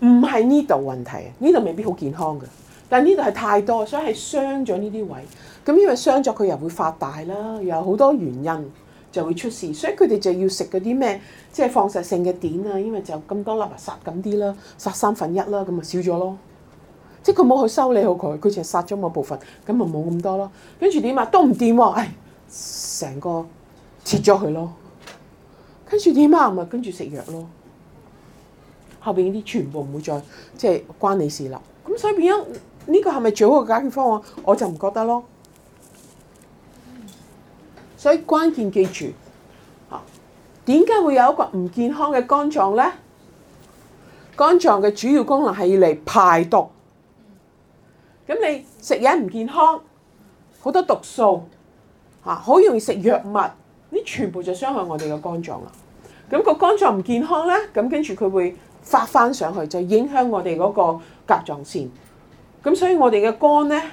唔係呢度問題，呢度未必好健康嘅，但呢度係太多，所以係傷咗呢啲位。咁因為傷咗，佢又會發大啦，又好多原因就會出事，所以佢哋就要食嗰啲咩即係放射性嘅碘啊，因為就咁多粒，殺咁啲啦，殺三分一啦，咁咪少咗咯。即係佢冇去修理好佢，佢淨係殺咗某部分，咁咪冇咁多咯。跟住點啊？都唔掂喎，誒、哎，成個～切咗佢咯，跟住點啊？咪跟住食藥咯。後邊呢啲全部唔會再，即係關你事啦。咁所以變咗呢個係咪最好嘅解決方案？我就唔覺得咯。所以關鍵記住嚇，點解會有一個唔健康嘅肝臟咧？肝臟嘅主要功能係嚟排毒。咁你食嘢唔健康，好多毒素嚇，好容易食藥物。啲全部就傷害我哋嘅肝臟啦，咁個肝臟唔健康咧，咁跟住佢會發翻上去，就影響我哋嗰個甲狀腺。咁所以我哋嘅肝咧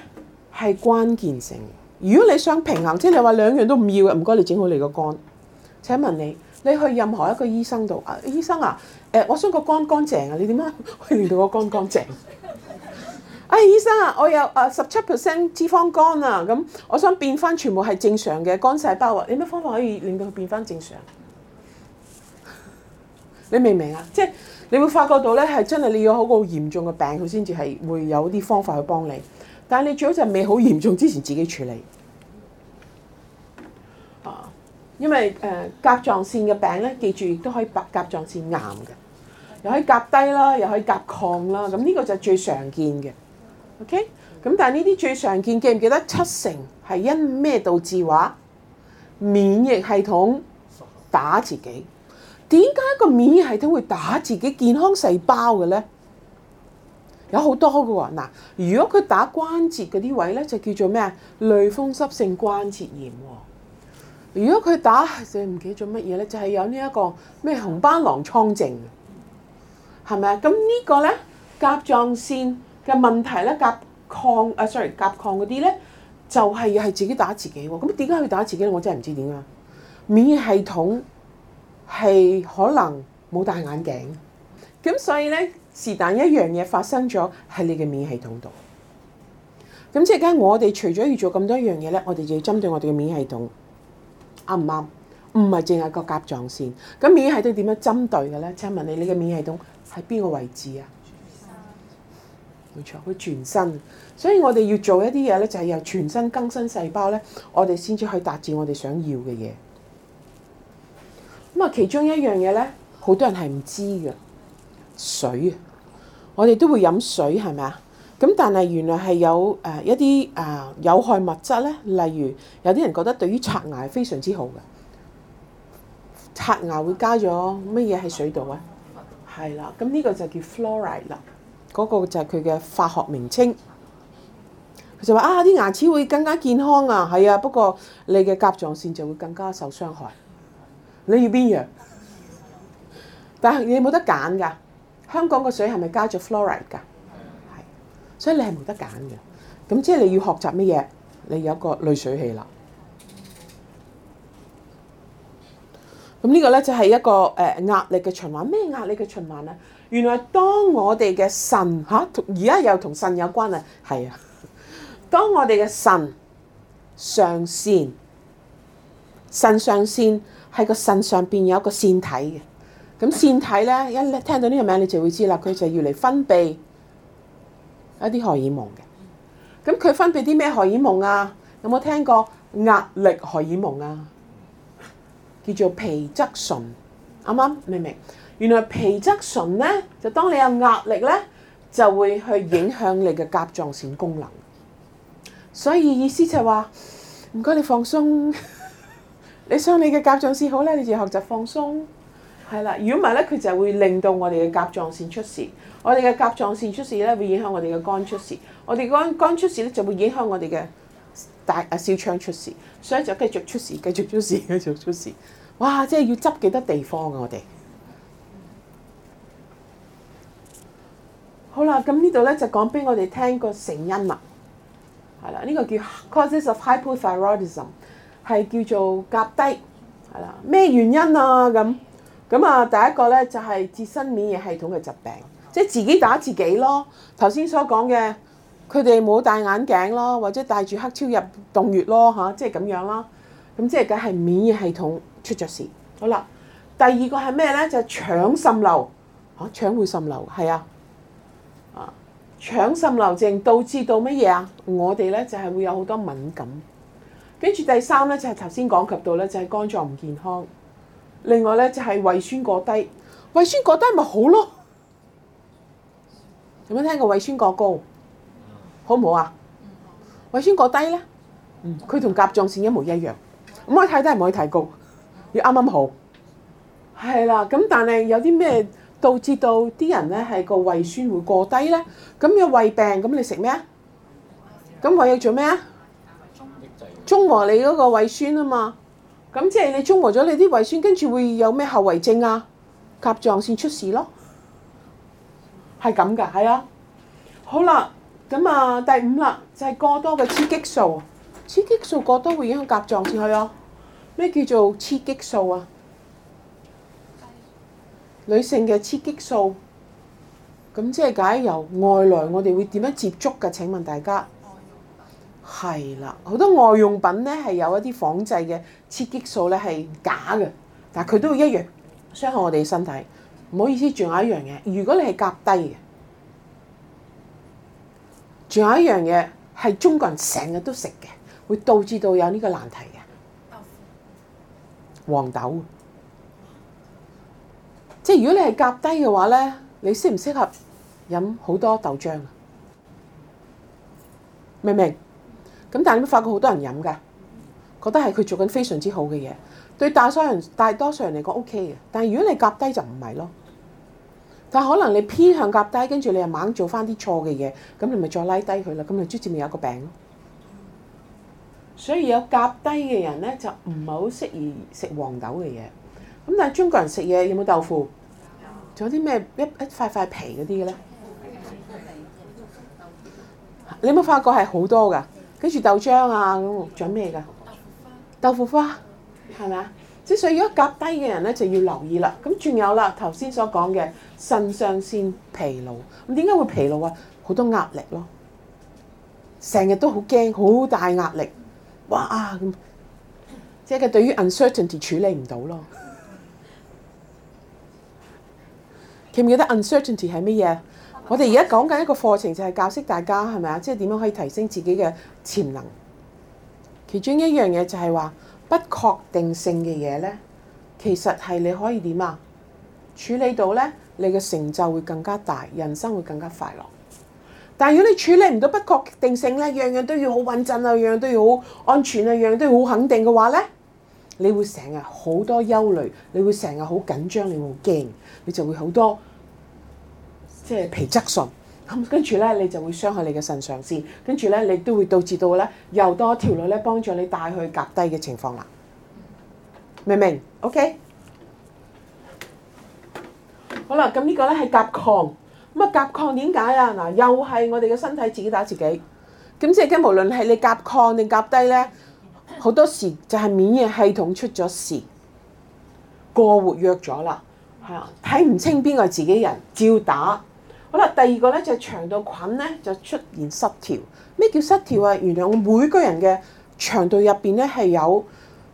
係關鍵性。如果你想平衡，即係你話兩樣都唔要嘅，唔該你整好你個肝。請問你，你去任何一個醫生度啊？醫生啊，誒、呃，我想個肝乾淨啊，你點解去令到個肝乾淨？哎，醫生啊，我有啊十七 percent 脂肪肝啊，咁我想變翻全部係正常嘅肝細胞啊，你有咩方法可以令到佢變翻正常？ (laughs) 你明唔明啊？即係你會發覺到咧，係真係你要好過好嚴重嘅病，佢先至係會有啲方法去幫你。但係你最好就未好嚴重之前自己處理。啊，因為誒、呃、甲狀腺嘅病咧，記住亦都可以白甲狀腺癌嘅，又可以甲低啦，又可以甲亢啦。咁呢個就係最常見嘅。O K，咁但係呢啲最常見記唔記得七成係因咩導致話免疫系統打自己？點解個免疫系統會打自己健康細胞嘅咧？有好多嘅喎，嗱，如果佢打關節嗰啲位咧，就叫做咩啊？類風濕性關節炎。如果佢打你唔記得咗乜嘢咧，就係有呢一個咩紅斑狼瘡症，係咪啊？咁呢個咧甲狀腺。嘅問題咧，甲亢啊，sorry，甲亢嗰啲咧就係、是、係自己打自己喎。咁點解要打自己咧？我真係唔知點解。免疫系統係可能冇戴眼鏡，咁所以咧是但一樣嘢發生咗喺你嘅免疫系統度。咁即係講我哋除咗要做咁多一樣嘢咧，我哋要針對我哋嘅免疫系統啱唔啱？唔係淨係個甲狀腺。咁免疫系統點樣針對嘅咧？請、就是、問你你嘅免疫系統喺邊個位置啊？冇錯，佢全身，所以我哋要做一啲嘢咧，就係由全身更新細胞咧，我哋先至可以達至我哋想要嘅嘢。咁啊，其中一樣嘢咧，好多人係唔知嘅水，我哋都會飲水是，係咪啊？咁但係原來係有誒一啲啊有害物質咧，例如有啲人覺得對於刷牙係非常之好嘅，刷牙會加咗乜嘢喺水度啊？係啦，咁呢個就叫 fluoride 啦。嗰、那個就係佢嘅化學名稱，佢就話啊，啲牙齒會更加健康啊，係啊，不過你嘅甲狀腺就會更加受傷害。你要邊樣？但係你冇得揀㗎。香港嘅水係咪加咗 fluoride 㗎？係，所以你係冇得揀嘅。咁即係你要學習乜嘢？你有一個濾水器啦。咁呢個咧就係、是、一個誒壓力嘅循環。咩壓力嘅循環啊？原來當我哋嘅腎嚇，而、啊、家又同腎有關啦。係啊，當我哋嘅腎上腺，腎上腺喺個腎上邊有一個腺體嘅。咁腺體咧，一聽到呢個名你就會知啦，佢就要嚟分泌一啲荷爾蒙嘅。咁佢分泌啲咩荷爾蒙啊？有冇聽過壓力荷爾蒙啊？叫做皮質醇，啱啱？明唔明？原來皮質醇咧，就當你有壓力咧，就會去影響你嘅甲狀腺功能。所以意思就係話，唔該你放鬆， (laughs) 你想你嘅甲狀腺好咧，你就學習放鬆，係啦。如果唔係咧，佢就會令到我哋嘅甲狀腺出事。我哋嘅甲狀腺出事咧，會影響我哋嘅肝出事。我哋肝肝出事咧，就會影響我哋嘅大啊小腸出事。所以就繼續出事，繼續出事，繼續出事。哇！即係要執幾多地方啊，我哋～好啦，咁呢度咧就講俾我哋聽個成因啦，係啦，呢、這個叫 causes of hypothyroidism，係叫做甲低係啦。咩原因啊？咁咁啊，第一個咧就係、是、自身免疫系統嘅疾病，即係自己打自己咯。頭先所講嘅，佢哋冇戴眼鏡咯，或者戴住黑超入洞穴咯，嚇，即係咁樣啦。咁即係梗係免疫系統出咗事。好啦，第二個係咩咧？就係、是、腸滲漏嚇，腸、啊、會滲漏係啊。是腸滲流症導致到乜嘢啊？我哋咧就係會有好多敏感，跟住第三咧就係頭先講及到咧就係肝臟唔健康。另外咧就係胃酸過低，胃酸過低咪好咯。有冇聽過胃酸過高？好唔好啊？胃酸過低咧，嗯，佢同甲狀腺一模一樣。唔可以太低，唔可以太高，要啱啱好。係啦，咁但係有啲咩？導致到啲人咧係個胃酸會過低咧，咁有胃病咁你食咩啊？咁我要做咩啊？中和你嗰個胃酸啊嘛，咁即係你中和咗你啲胃酸，跟住會有咩後遺症啊？甲狀腺出事咯，係咁噶，係啊。好啦，咁啊第五啦，就係過多嘅刺激素，刺激素過多會影響甲狀腺去啊。咩叫做刺激素啊？女性嘅雌激素，咁即係解？由外來，我哋會點樣接觸嘅？請問大家，外用品。係啦，好多外用品咧係有一啲仿製嘅雌激素咧係假嘅，但係佢都會一樣傷害我哋身體。唔好意思，仲有一樣嘢，如果你係夾低嘅，仲有一樣嘢係中國人成日都食嘅，會導致到有呢個難題嘅、哦、黃豆。即係如果你係夾低嘅話咧，你適唔適合飲好多豆漿啊？明唔明？咁但係你發覺好多人飲嘅，覺得係佢做緊非常之好嘅嘢，對大多人大多數人嚟講 OK 嘅。但係如果你夾低就唔係咯，但係可能你偏向夾低，跟住你又猛做翻啲錯嘅嘢，咁你咪再拉低佢啦。咁咪最前面有一個餅咯。所以有夾低嘅人咧，就唔係好適宜食黃豆嘅嘢。咁但係中國人食嘢有冇豆腐？仲有啲咩一一塊塊皮嗰啲嘅咧？你有冇發覺係好多噶？跟住豆漿啊，咁仲有咩噶？豆腐花，係咪啊？即係所以如果夾低嘅人咧，就要留意啦。咁仲有啦，頭先所講嘅腎上腺疲勞，咁點解會疲勞啊？好多壓力咯，成日都好驚，好大壓力，哇咁，即係佢對於 uncertainty 處理唔到咯。記唔記得 uncertainty 係乜嘢？我哋而家講緊一個課程，就係教識大家係咪啊？即係點樣可以提升自己嘅潛能？其中一樣嘢就係話不確定性嘅嘢呢，其實係你可以點啊？處理到呢，你嘅成就會更加大，人生會更加快樂。但係如果你處理唔到不確定性呢，樣樣都要好穩陣啊，樣樣都要好安全啊，樣樣都要好肯定嘅話呢。你會成日好多憂慮，你會成日好緊張，你會驚，你就會好多即係、就是、皮質醇，咁跟住咧你就會傷害你嘅腎上腺，跟住咧你都會導致到咧又多條路咧幫助你帶去甲低嘅情況啦，明唔明？OK，好啦，咁呢個咧係甲亢，咁啊甲亢點解啊？嗱，又係我哋嘅身體自己打自己，咁即係無論係你甲亢定甲低咧。好多時就係免疫系統出咗事，過活躍咗啦，係啊，睇唔清邊個係自己人，照打。好啦，第二個咧就係腸道菌咧就出現失調。咩叫失調啊？原來我每個人嘅腸道入邊咧係有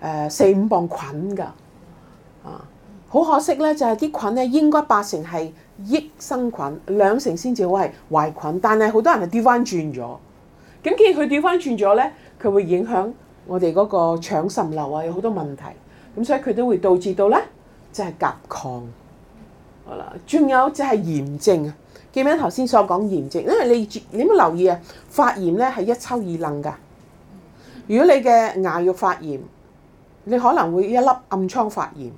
誒四五磅菌㗎啊。好可惜咧，就係啲菌咧應該八成係益生菌，兩成先至會係壞菌，但係好多人係調翻轉咗。咁既然佢調翻轉咗咧，佢會影響，我哋嗰個腸滲漏啊，有好多問題，咁所以佢都會導致到呢，就係甲亢。好啦，仲有就係炎症。記唔記得頭先所講炎症？因為你你冇留意啊，發炎呢係一抽二冷噶。如果你嘅牙肉發炎，你可能會一粒暗瘡發炎，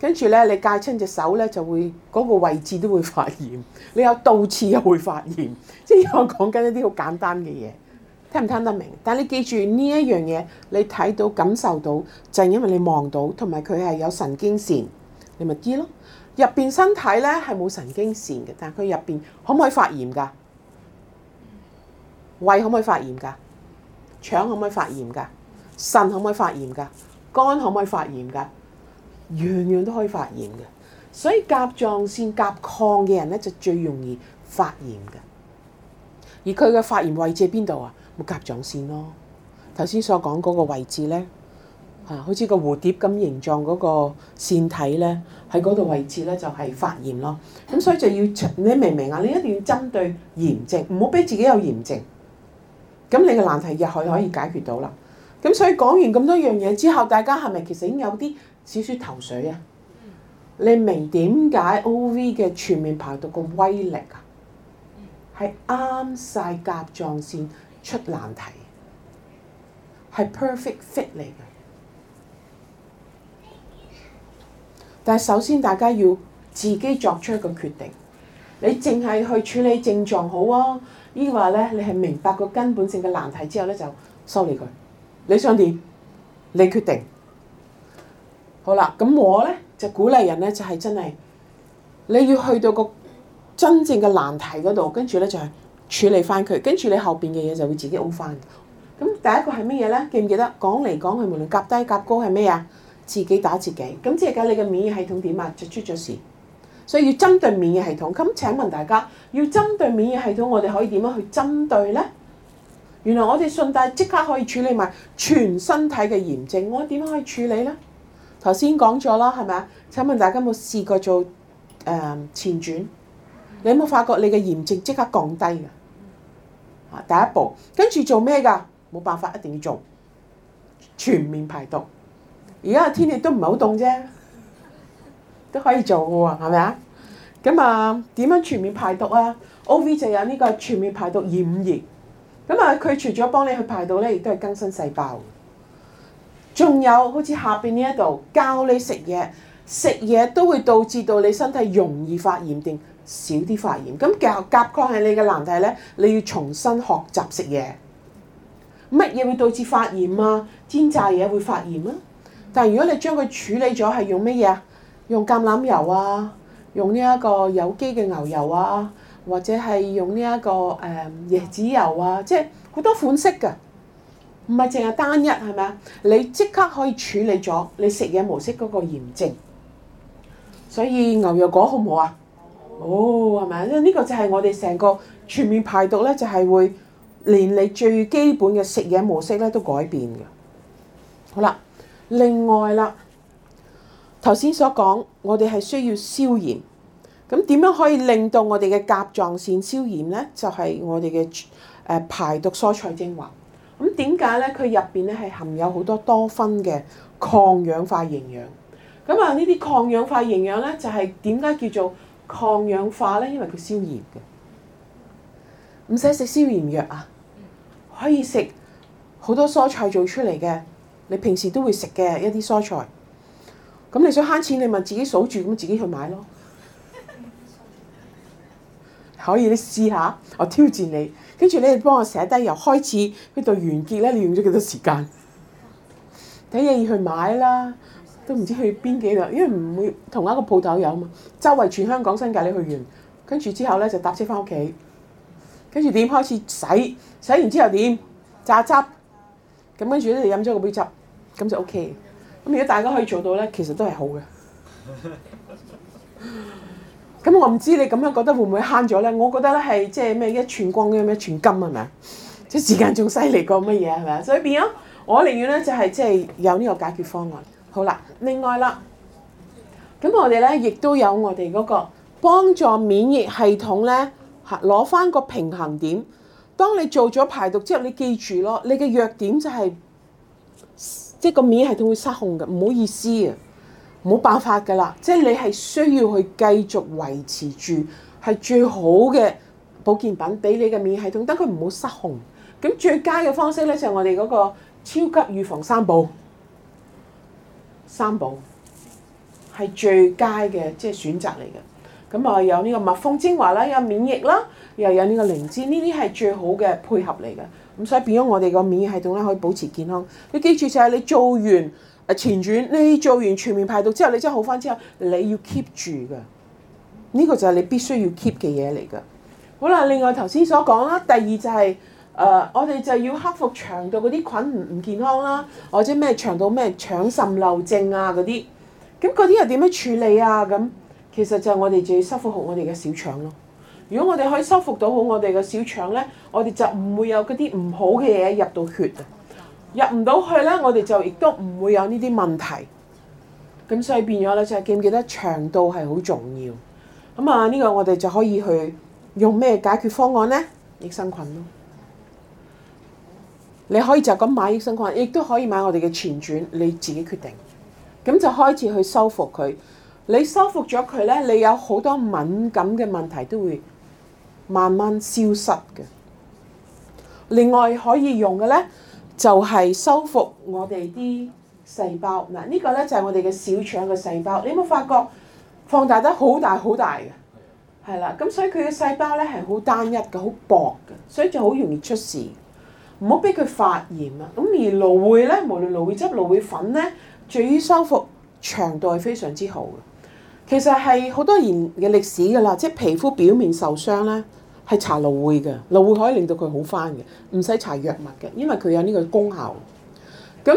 跟住呢，你戒親隻手呢，就會嗰個位置都會發炎。你有倒刺又會發炎，即係我講緊一啲好簡單嘅嘢。聽唔聽得明？但係你記住呢一樣嘢，你睇到感受到，就係因為你望到，同埋佢係有神經線，你咪知咯。入邊身體咧係冇神經線嘅，但係佢入邊可唔可以發炎噶？胃可唔可以發炎噶？腸可唔可以發炎噶？腎可唔可以發炎噶？肝可唔可以發炎噶？樣樣都可以發炎噶，所以甲狀腺甲亢嘅人咧就最容易發炎噶。而佢嘅發炎位置喺邊度啊？個甲狀腺咯，頭先所講嗰個位置咧，好似個蝴蝶咁形狀嗰、嗰個腺體咧，喺嗰度位置咧就係發炎咯。咁所以就要，你明唔明啊？你一定要針對炎症，唔好俾自己有炎症。咁你嘅難題亦係可以解決到啦。咁、嗯、所以講完咁多樣嘢之後，大家係咪其實已經有啲少少頭緒啊、嗯？你明點解 O V 嘅全面排毒個威力啊，係啱晒甲狀腺？出難題係 perfect fit 嚟嘅，但係首先大家要自己作出一個決定。你淨係去處理症狀好啊？抑或咧，你係明白個根本性嘅難題之後咧，就修理佢。你想點？你決定。好啦，咁我咧就鼓勵人咧，就係，真係你要去到個真正嘅難題嗰度，跟住咧就係。處理翻佢，跟住你後邊嘅嘢就會自己好翻。咁第一個係乜嘢咧？記唔記得講嚟講去，無論夾低夾高係咩啊？自己打自己。咁即係講你嘅免疫系統點啊？就出咗事。所以要針對免疫系統。咁請問大家要針對免疫系統，我哋可以點樣去針對咧？原來我哋順帶即刻可以處理埋全身體嘅炎症。我點樣可以處理咧？頭先講咗啦，係咪啊？請問大家有冇試過做誒、呃、前轉？你有冇發覺你嘅炎症即刻降低嘅？第一步，跟住做咩噶？冇辦法，一定要做全面排毒。而家嘅天氣都唔係好凍啫，都可以做嘅喎，係咪啊？咁啊，點樣全面排毒啊？OV 就有呢個全面排毒二五二。咁啊，佢除咗幫你去排毒咧，亦都係更新細胞。仲有好似下面呢一度教你食嘢，食嘢都會導致到你身體容易發炎症。少啲發炎，咁甲甲亢係你嘅難題咧，你要重新學習食嘢，乜嘢會導致發炎啊？煎炸嘢會發炎啊！但係如果你將佢處理咗，係用乜嘢啊？用橄欖油啊，用呢一個有機嘅牛油啊，或者係用呢、這、一個誒、呃、椰子油啊，即係好多款式㗎，唔係淨係單一係咪啊？你即刻可以處理咗你食嘢模式嗰個炎症，所以牛油果好唔好啊？哦，係咪？呢、這個就係我哋成個全面排毒咧，就係會連你最基本嘅食嘢模式咧都改變嘅。好啦，另外啦，頭先所講，我哋係需要消炎，咁點樣可以令到我哋嘅甲狀腺消炎咧？就係、是、我哋嘅誒排毒蔬菜精華。咁點解咧？佢入邊咧係含有好多多酚嘅抗氧化營養。咁啊，呢啲抗氧化營養咧，就係點解叫做？抗氧化咧，因為佢消炎嘅，唔使食消炎藥啊，可以食好多蔬菜做出嚟嘅，你平時都會食嘅一啲蔬菜。咁你想慳錢，你問自己數住，咁自己去買咯。可以，你試下，我挑戰你，跟住你哋幫我寫低由開始去到完結咧，你用咗幾多時間？睇你要去買啦。都唔知去邊幾度，因為唔會同一個鋪頭有啊嘛。周圍全香港新界你去完，跟住之後咧就搭車翻屋企，跟住點開始洗，洗完之後點榨汁，咁跟住咧就飲咗個杯汁，咁就 OK。咁如果大家可以做到咧，其實都係好嘅。咁我唔知你咁樣覺得會唔會慳咗咧？我覺得咧係即係咩一寸光嘅咩一寸金係咪啊？即係、就是、時間仲犀利過乜嘢係咪啊？所以變咗，我寧願咧就係即係有呢個解決方案。好啦，另外啦，咁我哋咧亦都有我哋嗰個幫助免疫系統咧，攞翻個平衡點。當你做咗排毒之後，你記住咯，你嘅弱點就係即係個免疫系統會失控嘅，唔好意思啊，冇辦法噶啦，即係你係需要去繼續維持住係最好嘅保健品俾你嘅免疫系統，等佢唔好失控。咁最佳嘅方式咧就係我哋嗰個超級預防三寶。三寶係最佳嘅即係選擇嚟嘅，咁啊有呢個蜜蜂精華啦，有免疫啦，又有呢個靈芝，呢啲係最好嘅配合嚟嘅。咁所以變咗我哋個免疫系統咧可以保持健康。你記住就係你做完啊前轉，你做完全面排毒之後，你真係好返之後，你要 keep 住嘅。呢個就係你必須要 keep 嘅嘢嚟嘅。好啦，另外頭先所講啦，第二就係。誒，uh，我哋就要克服腸道嗰啲菌唔唔健康啦，或者咩腸道咩腸滲漏症啊嗰啲，咁嗰啲又點樣處理啊？咁其實就係我哋就要修復好我哋嘅小腸咯。如果我哋可以修復到好我哋嘅小腸咧，我哋就唔會有嗰啲唔好嘅嘢入到血啊，入唔到去咧，我哋就亦都唔會有呢啲問題。咁所以變咗咧，就係記唔記得腸道係好重要？咁啊，呢個我哋就可以去用咩解決方案咧？益生菌咯。你可以就咁買益生菌，亦都可以買我哋嘅前轉，你自己決定。咁就開始去修復佢。你修復咗佢呢，你有好多敏感嘅問題都會慢慢消失嘅。另外可以用嘅呢，就係、是、修復我哋啲細胞。嗱，呢個呢，就係、是、我哋嘅小腸嘅細胞。你有冇發覺放大得好大好大嘅？係啦，咁所以佢嘅細胞呢，係好單一嘅，好薄嘅，所以就好容易出事。唔好俾佢發炎啊！咁而蘆薈咧，無論蘆薈汁、蘆薈粉咧，對於修復腸道係非常之好嘅。其實係好多年嘅歷史㗎啦，即係皮膚表面受傷咧，係搽蘆薈嘅，蘆薈可以令到佢好返嘅，唔使搽藥物嘅，因為佢有呢個功效。咁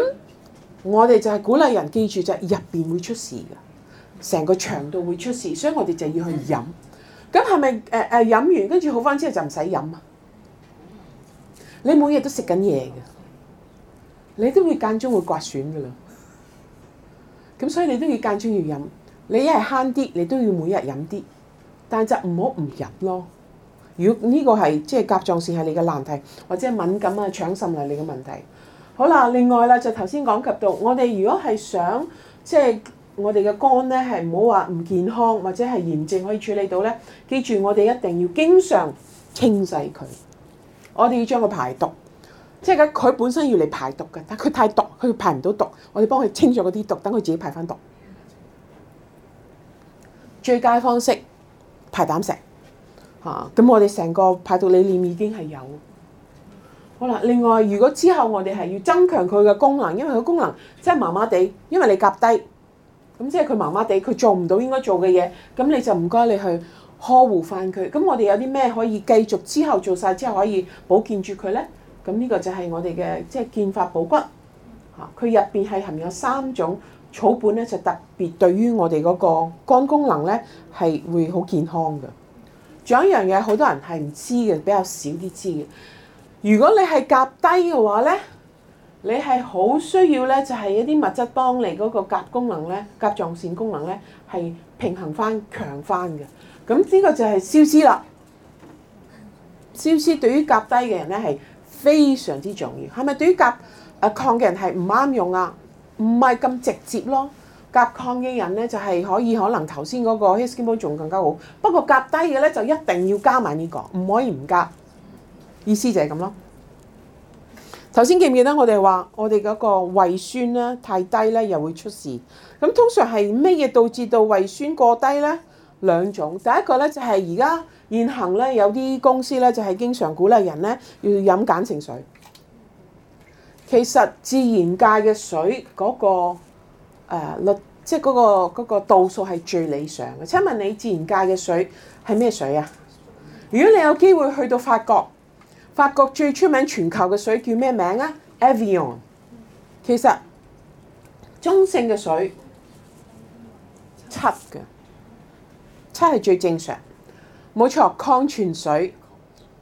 我哋就係鼓勵人記住就係，入邊會出事嘅，成個腸道會出事，所以我哋就要去飲。咁係咪誒誒飲完跟住好返之後就唔使飲啊？你每日都食緊嘢嘅，你都會間中會刮損噶啦。咁所以你都要間中要飲。你一係慳啲，你都要每日飲啲。但就唔好唔飲咯。如果呢個係即係甲狀腺係你嘅難題，或者敏感啊、搶心啊你嘅問題，好啦，另外啦，就頭先講及到我哋如果係想即係、就是、我哋嘅肝咧，係唔好話唔健康或者係炎症可以處理到咧，記住我哋一定要經常清洗佢。我哋要將佢排毒，即係佢本身要嚟排毒嘅，但係佢太毒，佢排唔到毒，我哋幫佢清咗嗰啲毒，等佢自己排翻毒。最佳方式，排膽石，嚇、啊！咁我哋成個排毒理念已經係有。好啦，另外如果之後我哋係要增強佢嘅功能，因為佢功能即係麻麻地，因為你夾低，咁即係佢麻麻地，佢做唔到應該做嘅嘢，咁你就唔該你去，呵護翻佢咁，我哋有啲咩可以繼續，之後做晒之後可以保健住佢咧？咁呢個就係我哋嘅即係健法保骨嚇。佢入邊係含有三種草本咧，就特別對於我哋嗰個肝功能咧係會好健康嘅。仲有一樣嘢，好多人係唔知嘅，比較少啲知嘅。如果你係甲低嘅話咧，你係好需要咧，就係一啲物質幫你嗰個甲功能咧，甲狀腺功能咧係平衡翻強翻嘅。咁、這、呢個就係消失啦。消失對於甲低嘅人咧係非常之重要，係咪對於甲亢嘅人係唔啱用啊？唔係咁直接咯。甲亢嘅人咧就係可以可能頭先嗰個 Histamine 仲更加好。不過甲低嘅咧就一定要加埋呢、這個，唔可以唔加。意思就係咁咯。頭先記唔記得我哋話我哋嗰個胃酸咧太低咧又會出事。咁通常係咩嘢導致到胃酸過低咧？兩種，第一個咧就係而家現行咧有啲公司咧就係經常鼓勵人咧要飲鹼性水。其實自然界嘅水嗰、嗰個誒率，即係嗰個度數係最理想嘅。請問你自然界嘅水係咩水啊？如果你有機會去到法國，法國最出名全球嘅水叫咩名啊？Evian。其實中性嘅水七嘅。七係最正常，冇錯。礦泉水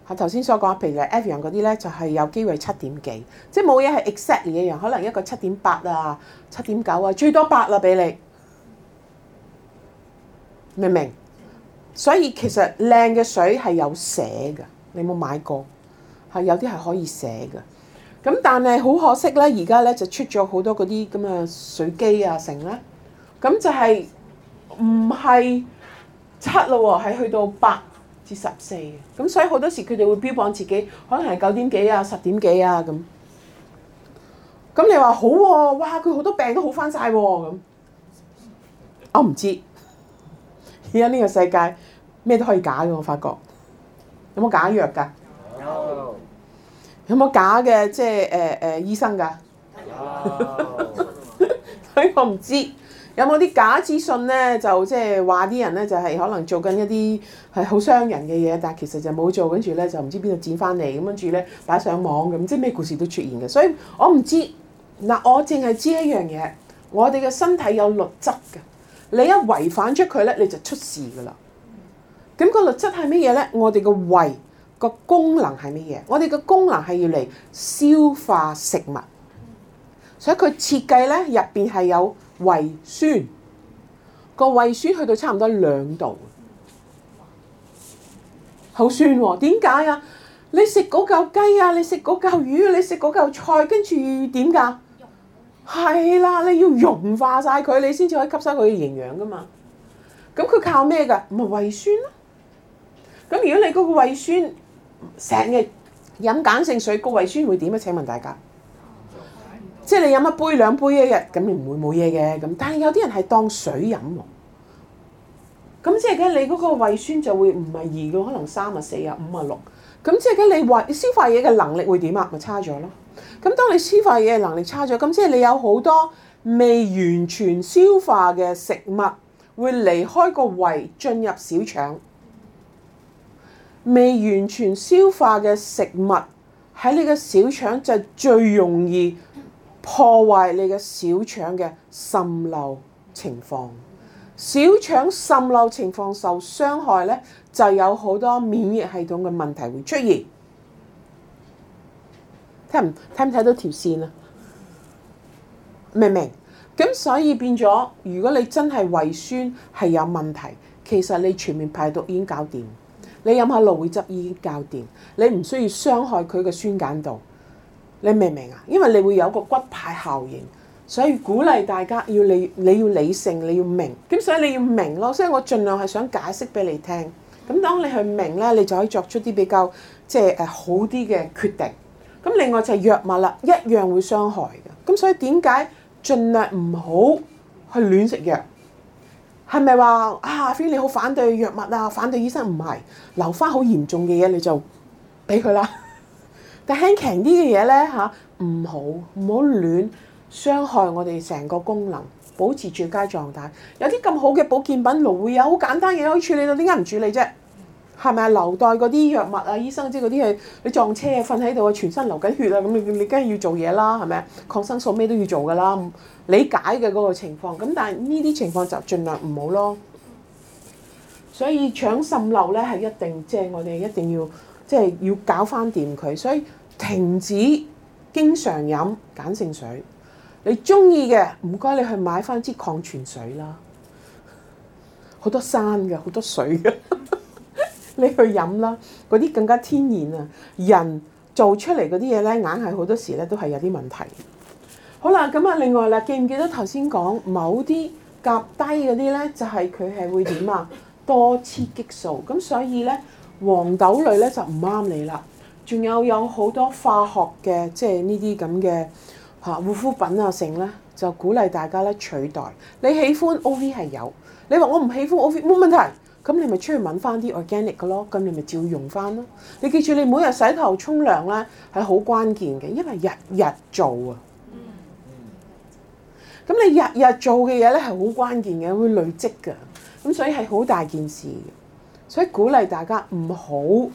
啊，頭先所講，譬如 Avion 嗰啲咧，就係有機會七點幾，即係冇嘢係 exactly 一樣，可能一個七點八啊、七點九啊，最多八啦俾你，明唔明？所以其實靚嘅水係有寫嘅，你冇買過？係有啲係可以寫嘅，咁但係好可惜咧，而家咧就出咗好多嗰啲咁嘅水機啊成，成啦，咁就係唔係？七咯喎，係去到八至十四嘅，咁所以好多時佢哋會標榜自己可能係九點幾啊、十點幾啊咁。咁你話好喎、啊，哇佢好多病都好翻晒喎咁。我唔知，而家呢個世界咩都可以假嘅，我發覺。有冇假藥㗎？No. 有，沒有。有冇假嘅即係誒誒醫生㗎？有、no. (laughs) 所以我唔知。有冇啲假資訊咧？就即係話啲人咧，就係可能做緊一啲係好傷人嘅嘢，但其實就冇做，跟住咧就唔知邊度剪翻嚟，跟住咧擺上網咁，即係咩故事都出現嘅。所以我唔知嗱，我淨係知一樣嘢，我哋嘅身體有律則嘅。你一違反出佢咧，你就出事噶啦。咁個律則係咩嘢咧？我哋個胃個功能係咩嘢？我哋嘅功能係要嚟消化食物，所以佢設計咧入邊係有。胃酸，個胃酸去到差唔多兩度，好酸喎，哦！點解啊？你食嗰嚿雞啊，你食嗰嚿魚，你食嗰嚿菜，跟住點㗎？係啦，你要溶化晒佢，你先至可以吸收佢嘅營養㗎嘛。咁佢靠咩㗎？咪胃酸咯，啊。咁如果你嗰個胃酸成日飲鹼性水，個胃酸會點啊？請問大家？即係你飲一杯兩杯一日，咁你唔會冇嘢嘅咁。但係有啲人係當水飲喎，咁即係嘅你嗰個胃酸就會唔係二到，可能三啊四啊五啊六。咁即係嘅你胃消化嘢嘅能力會點啊？咪差咗咯。咁當你消化嘢嘅能力差咗，咁即係你有好多未完全消化嘅食物會離開個胃進入小腸。未完全消化嘅食物喺你嘅小腸就最容易。破壞你嘅小腸嘅滲漏情況，小腸滲漏情況受傷害咧，就有好多免疫系統嘅問題會出現。睇唔睇唔睇到條線啊？明唔明？咁所以變咗，如果你真係胃酸係有問題，其實你全面排毒已經搞掂，你飲下蘆薈汁已經搞掂，你唔需要傷害佢嘅酸鹼度。你明唔明啊？因為你會有個骨牌效應，所以鼓勵大家要理，你要理性，你要明。咁所以你要明咯。所以我盡量係想解釋俾你聽。咁當你去明咧，你就可以作出啲比較即係誒好啲嘅決定。咁另外就係藥物啦，一樣會傷害嘅。咁所以點解盡量唔好去亂食藥？係咪話，阿菲，你好反對藥物啊？反對醫生？唔係，留翻好嚴重嘅嘢，你就俾佢啦。但輕強啲嘅嘢咧嚇，唔好唔好亂傷害我哋成個功能，保持最佳狀態。有啲咁好嘅保健品，攞會有好簡單嘅可以處理到。點解唔處理啫？係咪啊？留待嗰啲藥物啊，醫生即嗰啲係你撞車瞓喺度啊，全身流緊血啊，咁你你梗係要做嘢啦，係咪？抗生素咩都要做噶啦，理解嘅嗰個情況。咁但係呢啲情況就儘量唔好咯。所以搶滲漏咧係一定，即係我哋一定要即係要搞翻掂佢。所以。停止經常飲鹼性水，你中意嘅唔該，你去買翻支礦泉水啦，好多山嘅好多水嘅， (laughs) 你去飲啦。嗰啲更加天然啊！人做出嚟嗰啲嘢咧，硬係好多時咧都係有啲問題。好啦，咁啊，另外啦，記唔記得頭先講某啲夾低嗰啲咧，就係佢係會點啊？多雌激素，咁所以咧黃豆類咧就唔啱你啦。仲有有好多化學嘅，即係呢啲咁嘅嚇護膚品啊，性咧就鼓勵大家咧取代。你喜歡 O.V 係有，你話我唔喜歡 O.V 冇問題，咁你咪出去揾翻啲 organic 嘅咯。咁你咪照用翻咯。你記住，你每日洗頭沖涼咧係好關鍵嘅，因為日日做啊。咁你日日做嘅嘢咧係好關鍵嘅，會累積㗎。咁所以係好大件事，所以鼓勵大家唔好。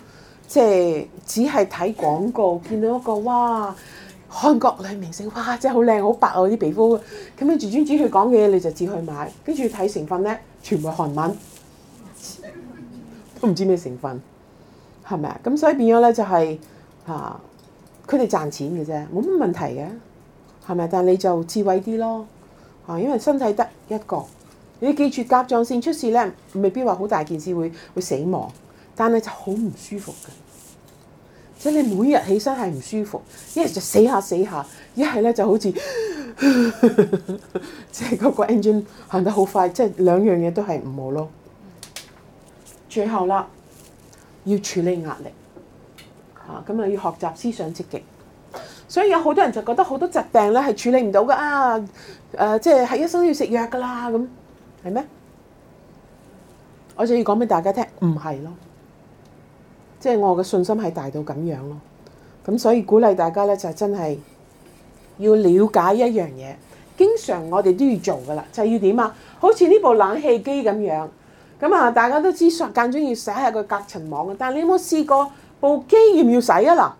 即、就、係、是、只係睇廣告，見到一、那個哇，韓國女明星哇，真係好靚好白哦啲皮膚，咁樣自尊自去講嘅，嘢，你就自去買，跟住睇成分咧，全部韓文，都唔知咩成分，係咪啊？咁所以變咗咧就係、是、嚇，佢、啊、哋賺錢嘅啫，冇乜問題嘅，係咪？但係你就智慧啲咯，嚇、啊，因為身體得一個，你記住，甲狀腺出事咧，未必話好大件事，會會死亡。但係就好唔舒服嘅，即係你每日起身係唔舒服，一係就死下死下，一係咧就好似即係嗰個 engine 行得好快，即係兩樣嘢都係唔好咯。最後啦，要處理壓力，嚇，咁你要學習思想積極。所以有好多人就覺得好多疾病咧係處理唔到嘅啊，誒即係係一生都要食藥噶啦咁，係咩？我就要講俾大家聽，唔係咯。即係我嘅信心係大到咁樣咯，咁所以鼓勵大家咧就真係要了解一樣嘢。經常我哋都要做噶啦，就係要點啊？好似呢部冷氣機咁樣，咁啊大家都知道，間中要，要洗下個隔塵網嘅。但係你有冇試過部機要唔要洗啊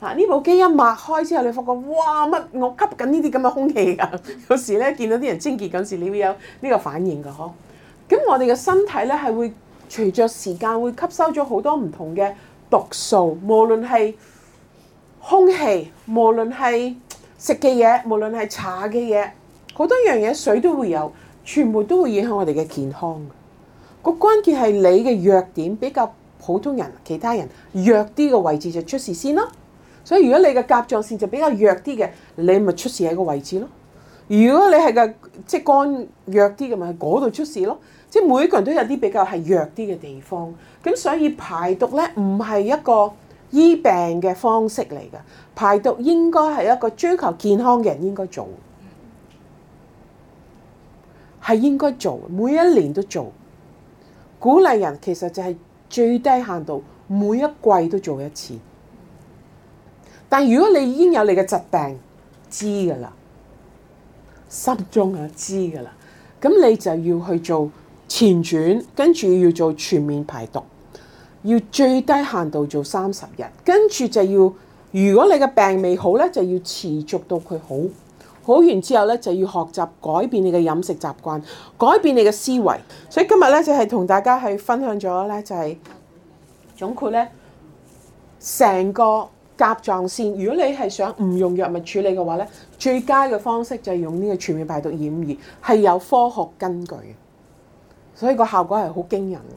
嗱？嗱呢部機一抹開之後，你發覺哇乜我吸緊呢啲咁嘅空氣㗎？有時咧見到啲人清潔嗰時，你會有呢個反應㗎嗬，咁我哋嘅身體咧係會。隨着時間會吸收咗好多唔同嘅毒素，無論係空氣，無論係食嘅嘢，無論係茶嘅嘢，好多樣嘢水都會有，全部都會影響我哋嘅健康。個關鍵係你嘅弱點比較普通人其他人弱啲嘅位置就出事先咯。所以如果你嘅甲狀腺就比較弱啲嘅，你咪出事喺個位置咯。如果你係個即肝弱啲嘅，咪嗰度出事咯。即係每個人都有啲比較係弱啲嘅地方，咁所以排毒咧，唔係一個醫病嘅方式嚟嘅，排毒應該係一個追求健康嘅人應該做，係應該做，每一年都做，鼓勵人其實就係最低限度每一季都做一次。但如果你已經有你嘅疾病，知㗎啦，心中啊，知㗎啦，咁你就要去做。前轉跟住要做全面排毒，要最低限度做三十日，跟住就要。如果你嘅病未好呢，就要持續到佢好好完之後呢，就要學習改變你嘅飲食習慣，改變你嘅思維。所以今日呢，就係、是、同大家去分享咗呢，就係、是、總括呢成個甲狀腺，如果你係想唔用藥物處理嘅話呢，最佳嘅方式就係用呢個全面排毒演繹，係有科學根據。所以個效果係好驚人。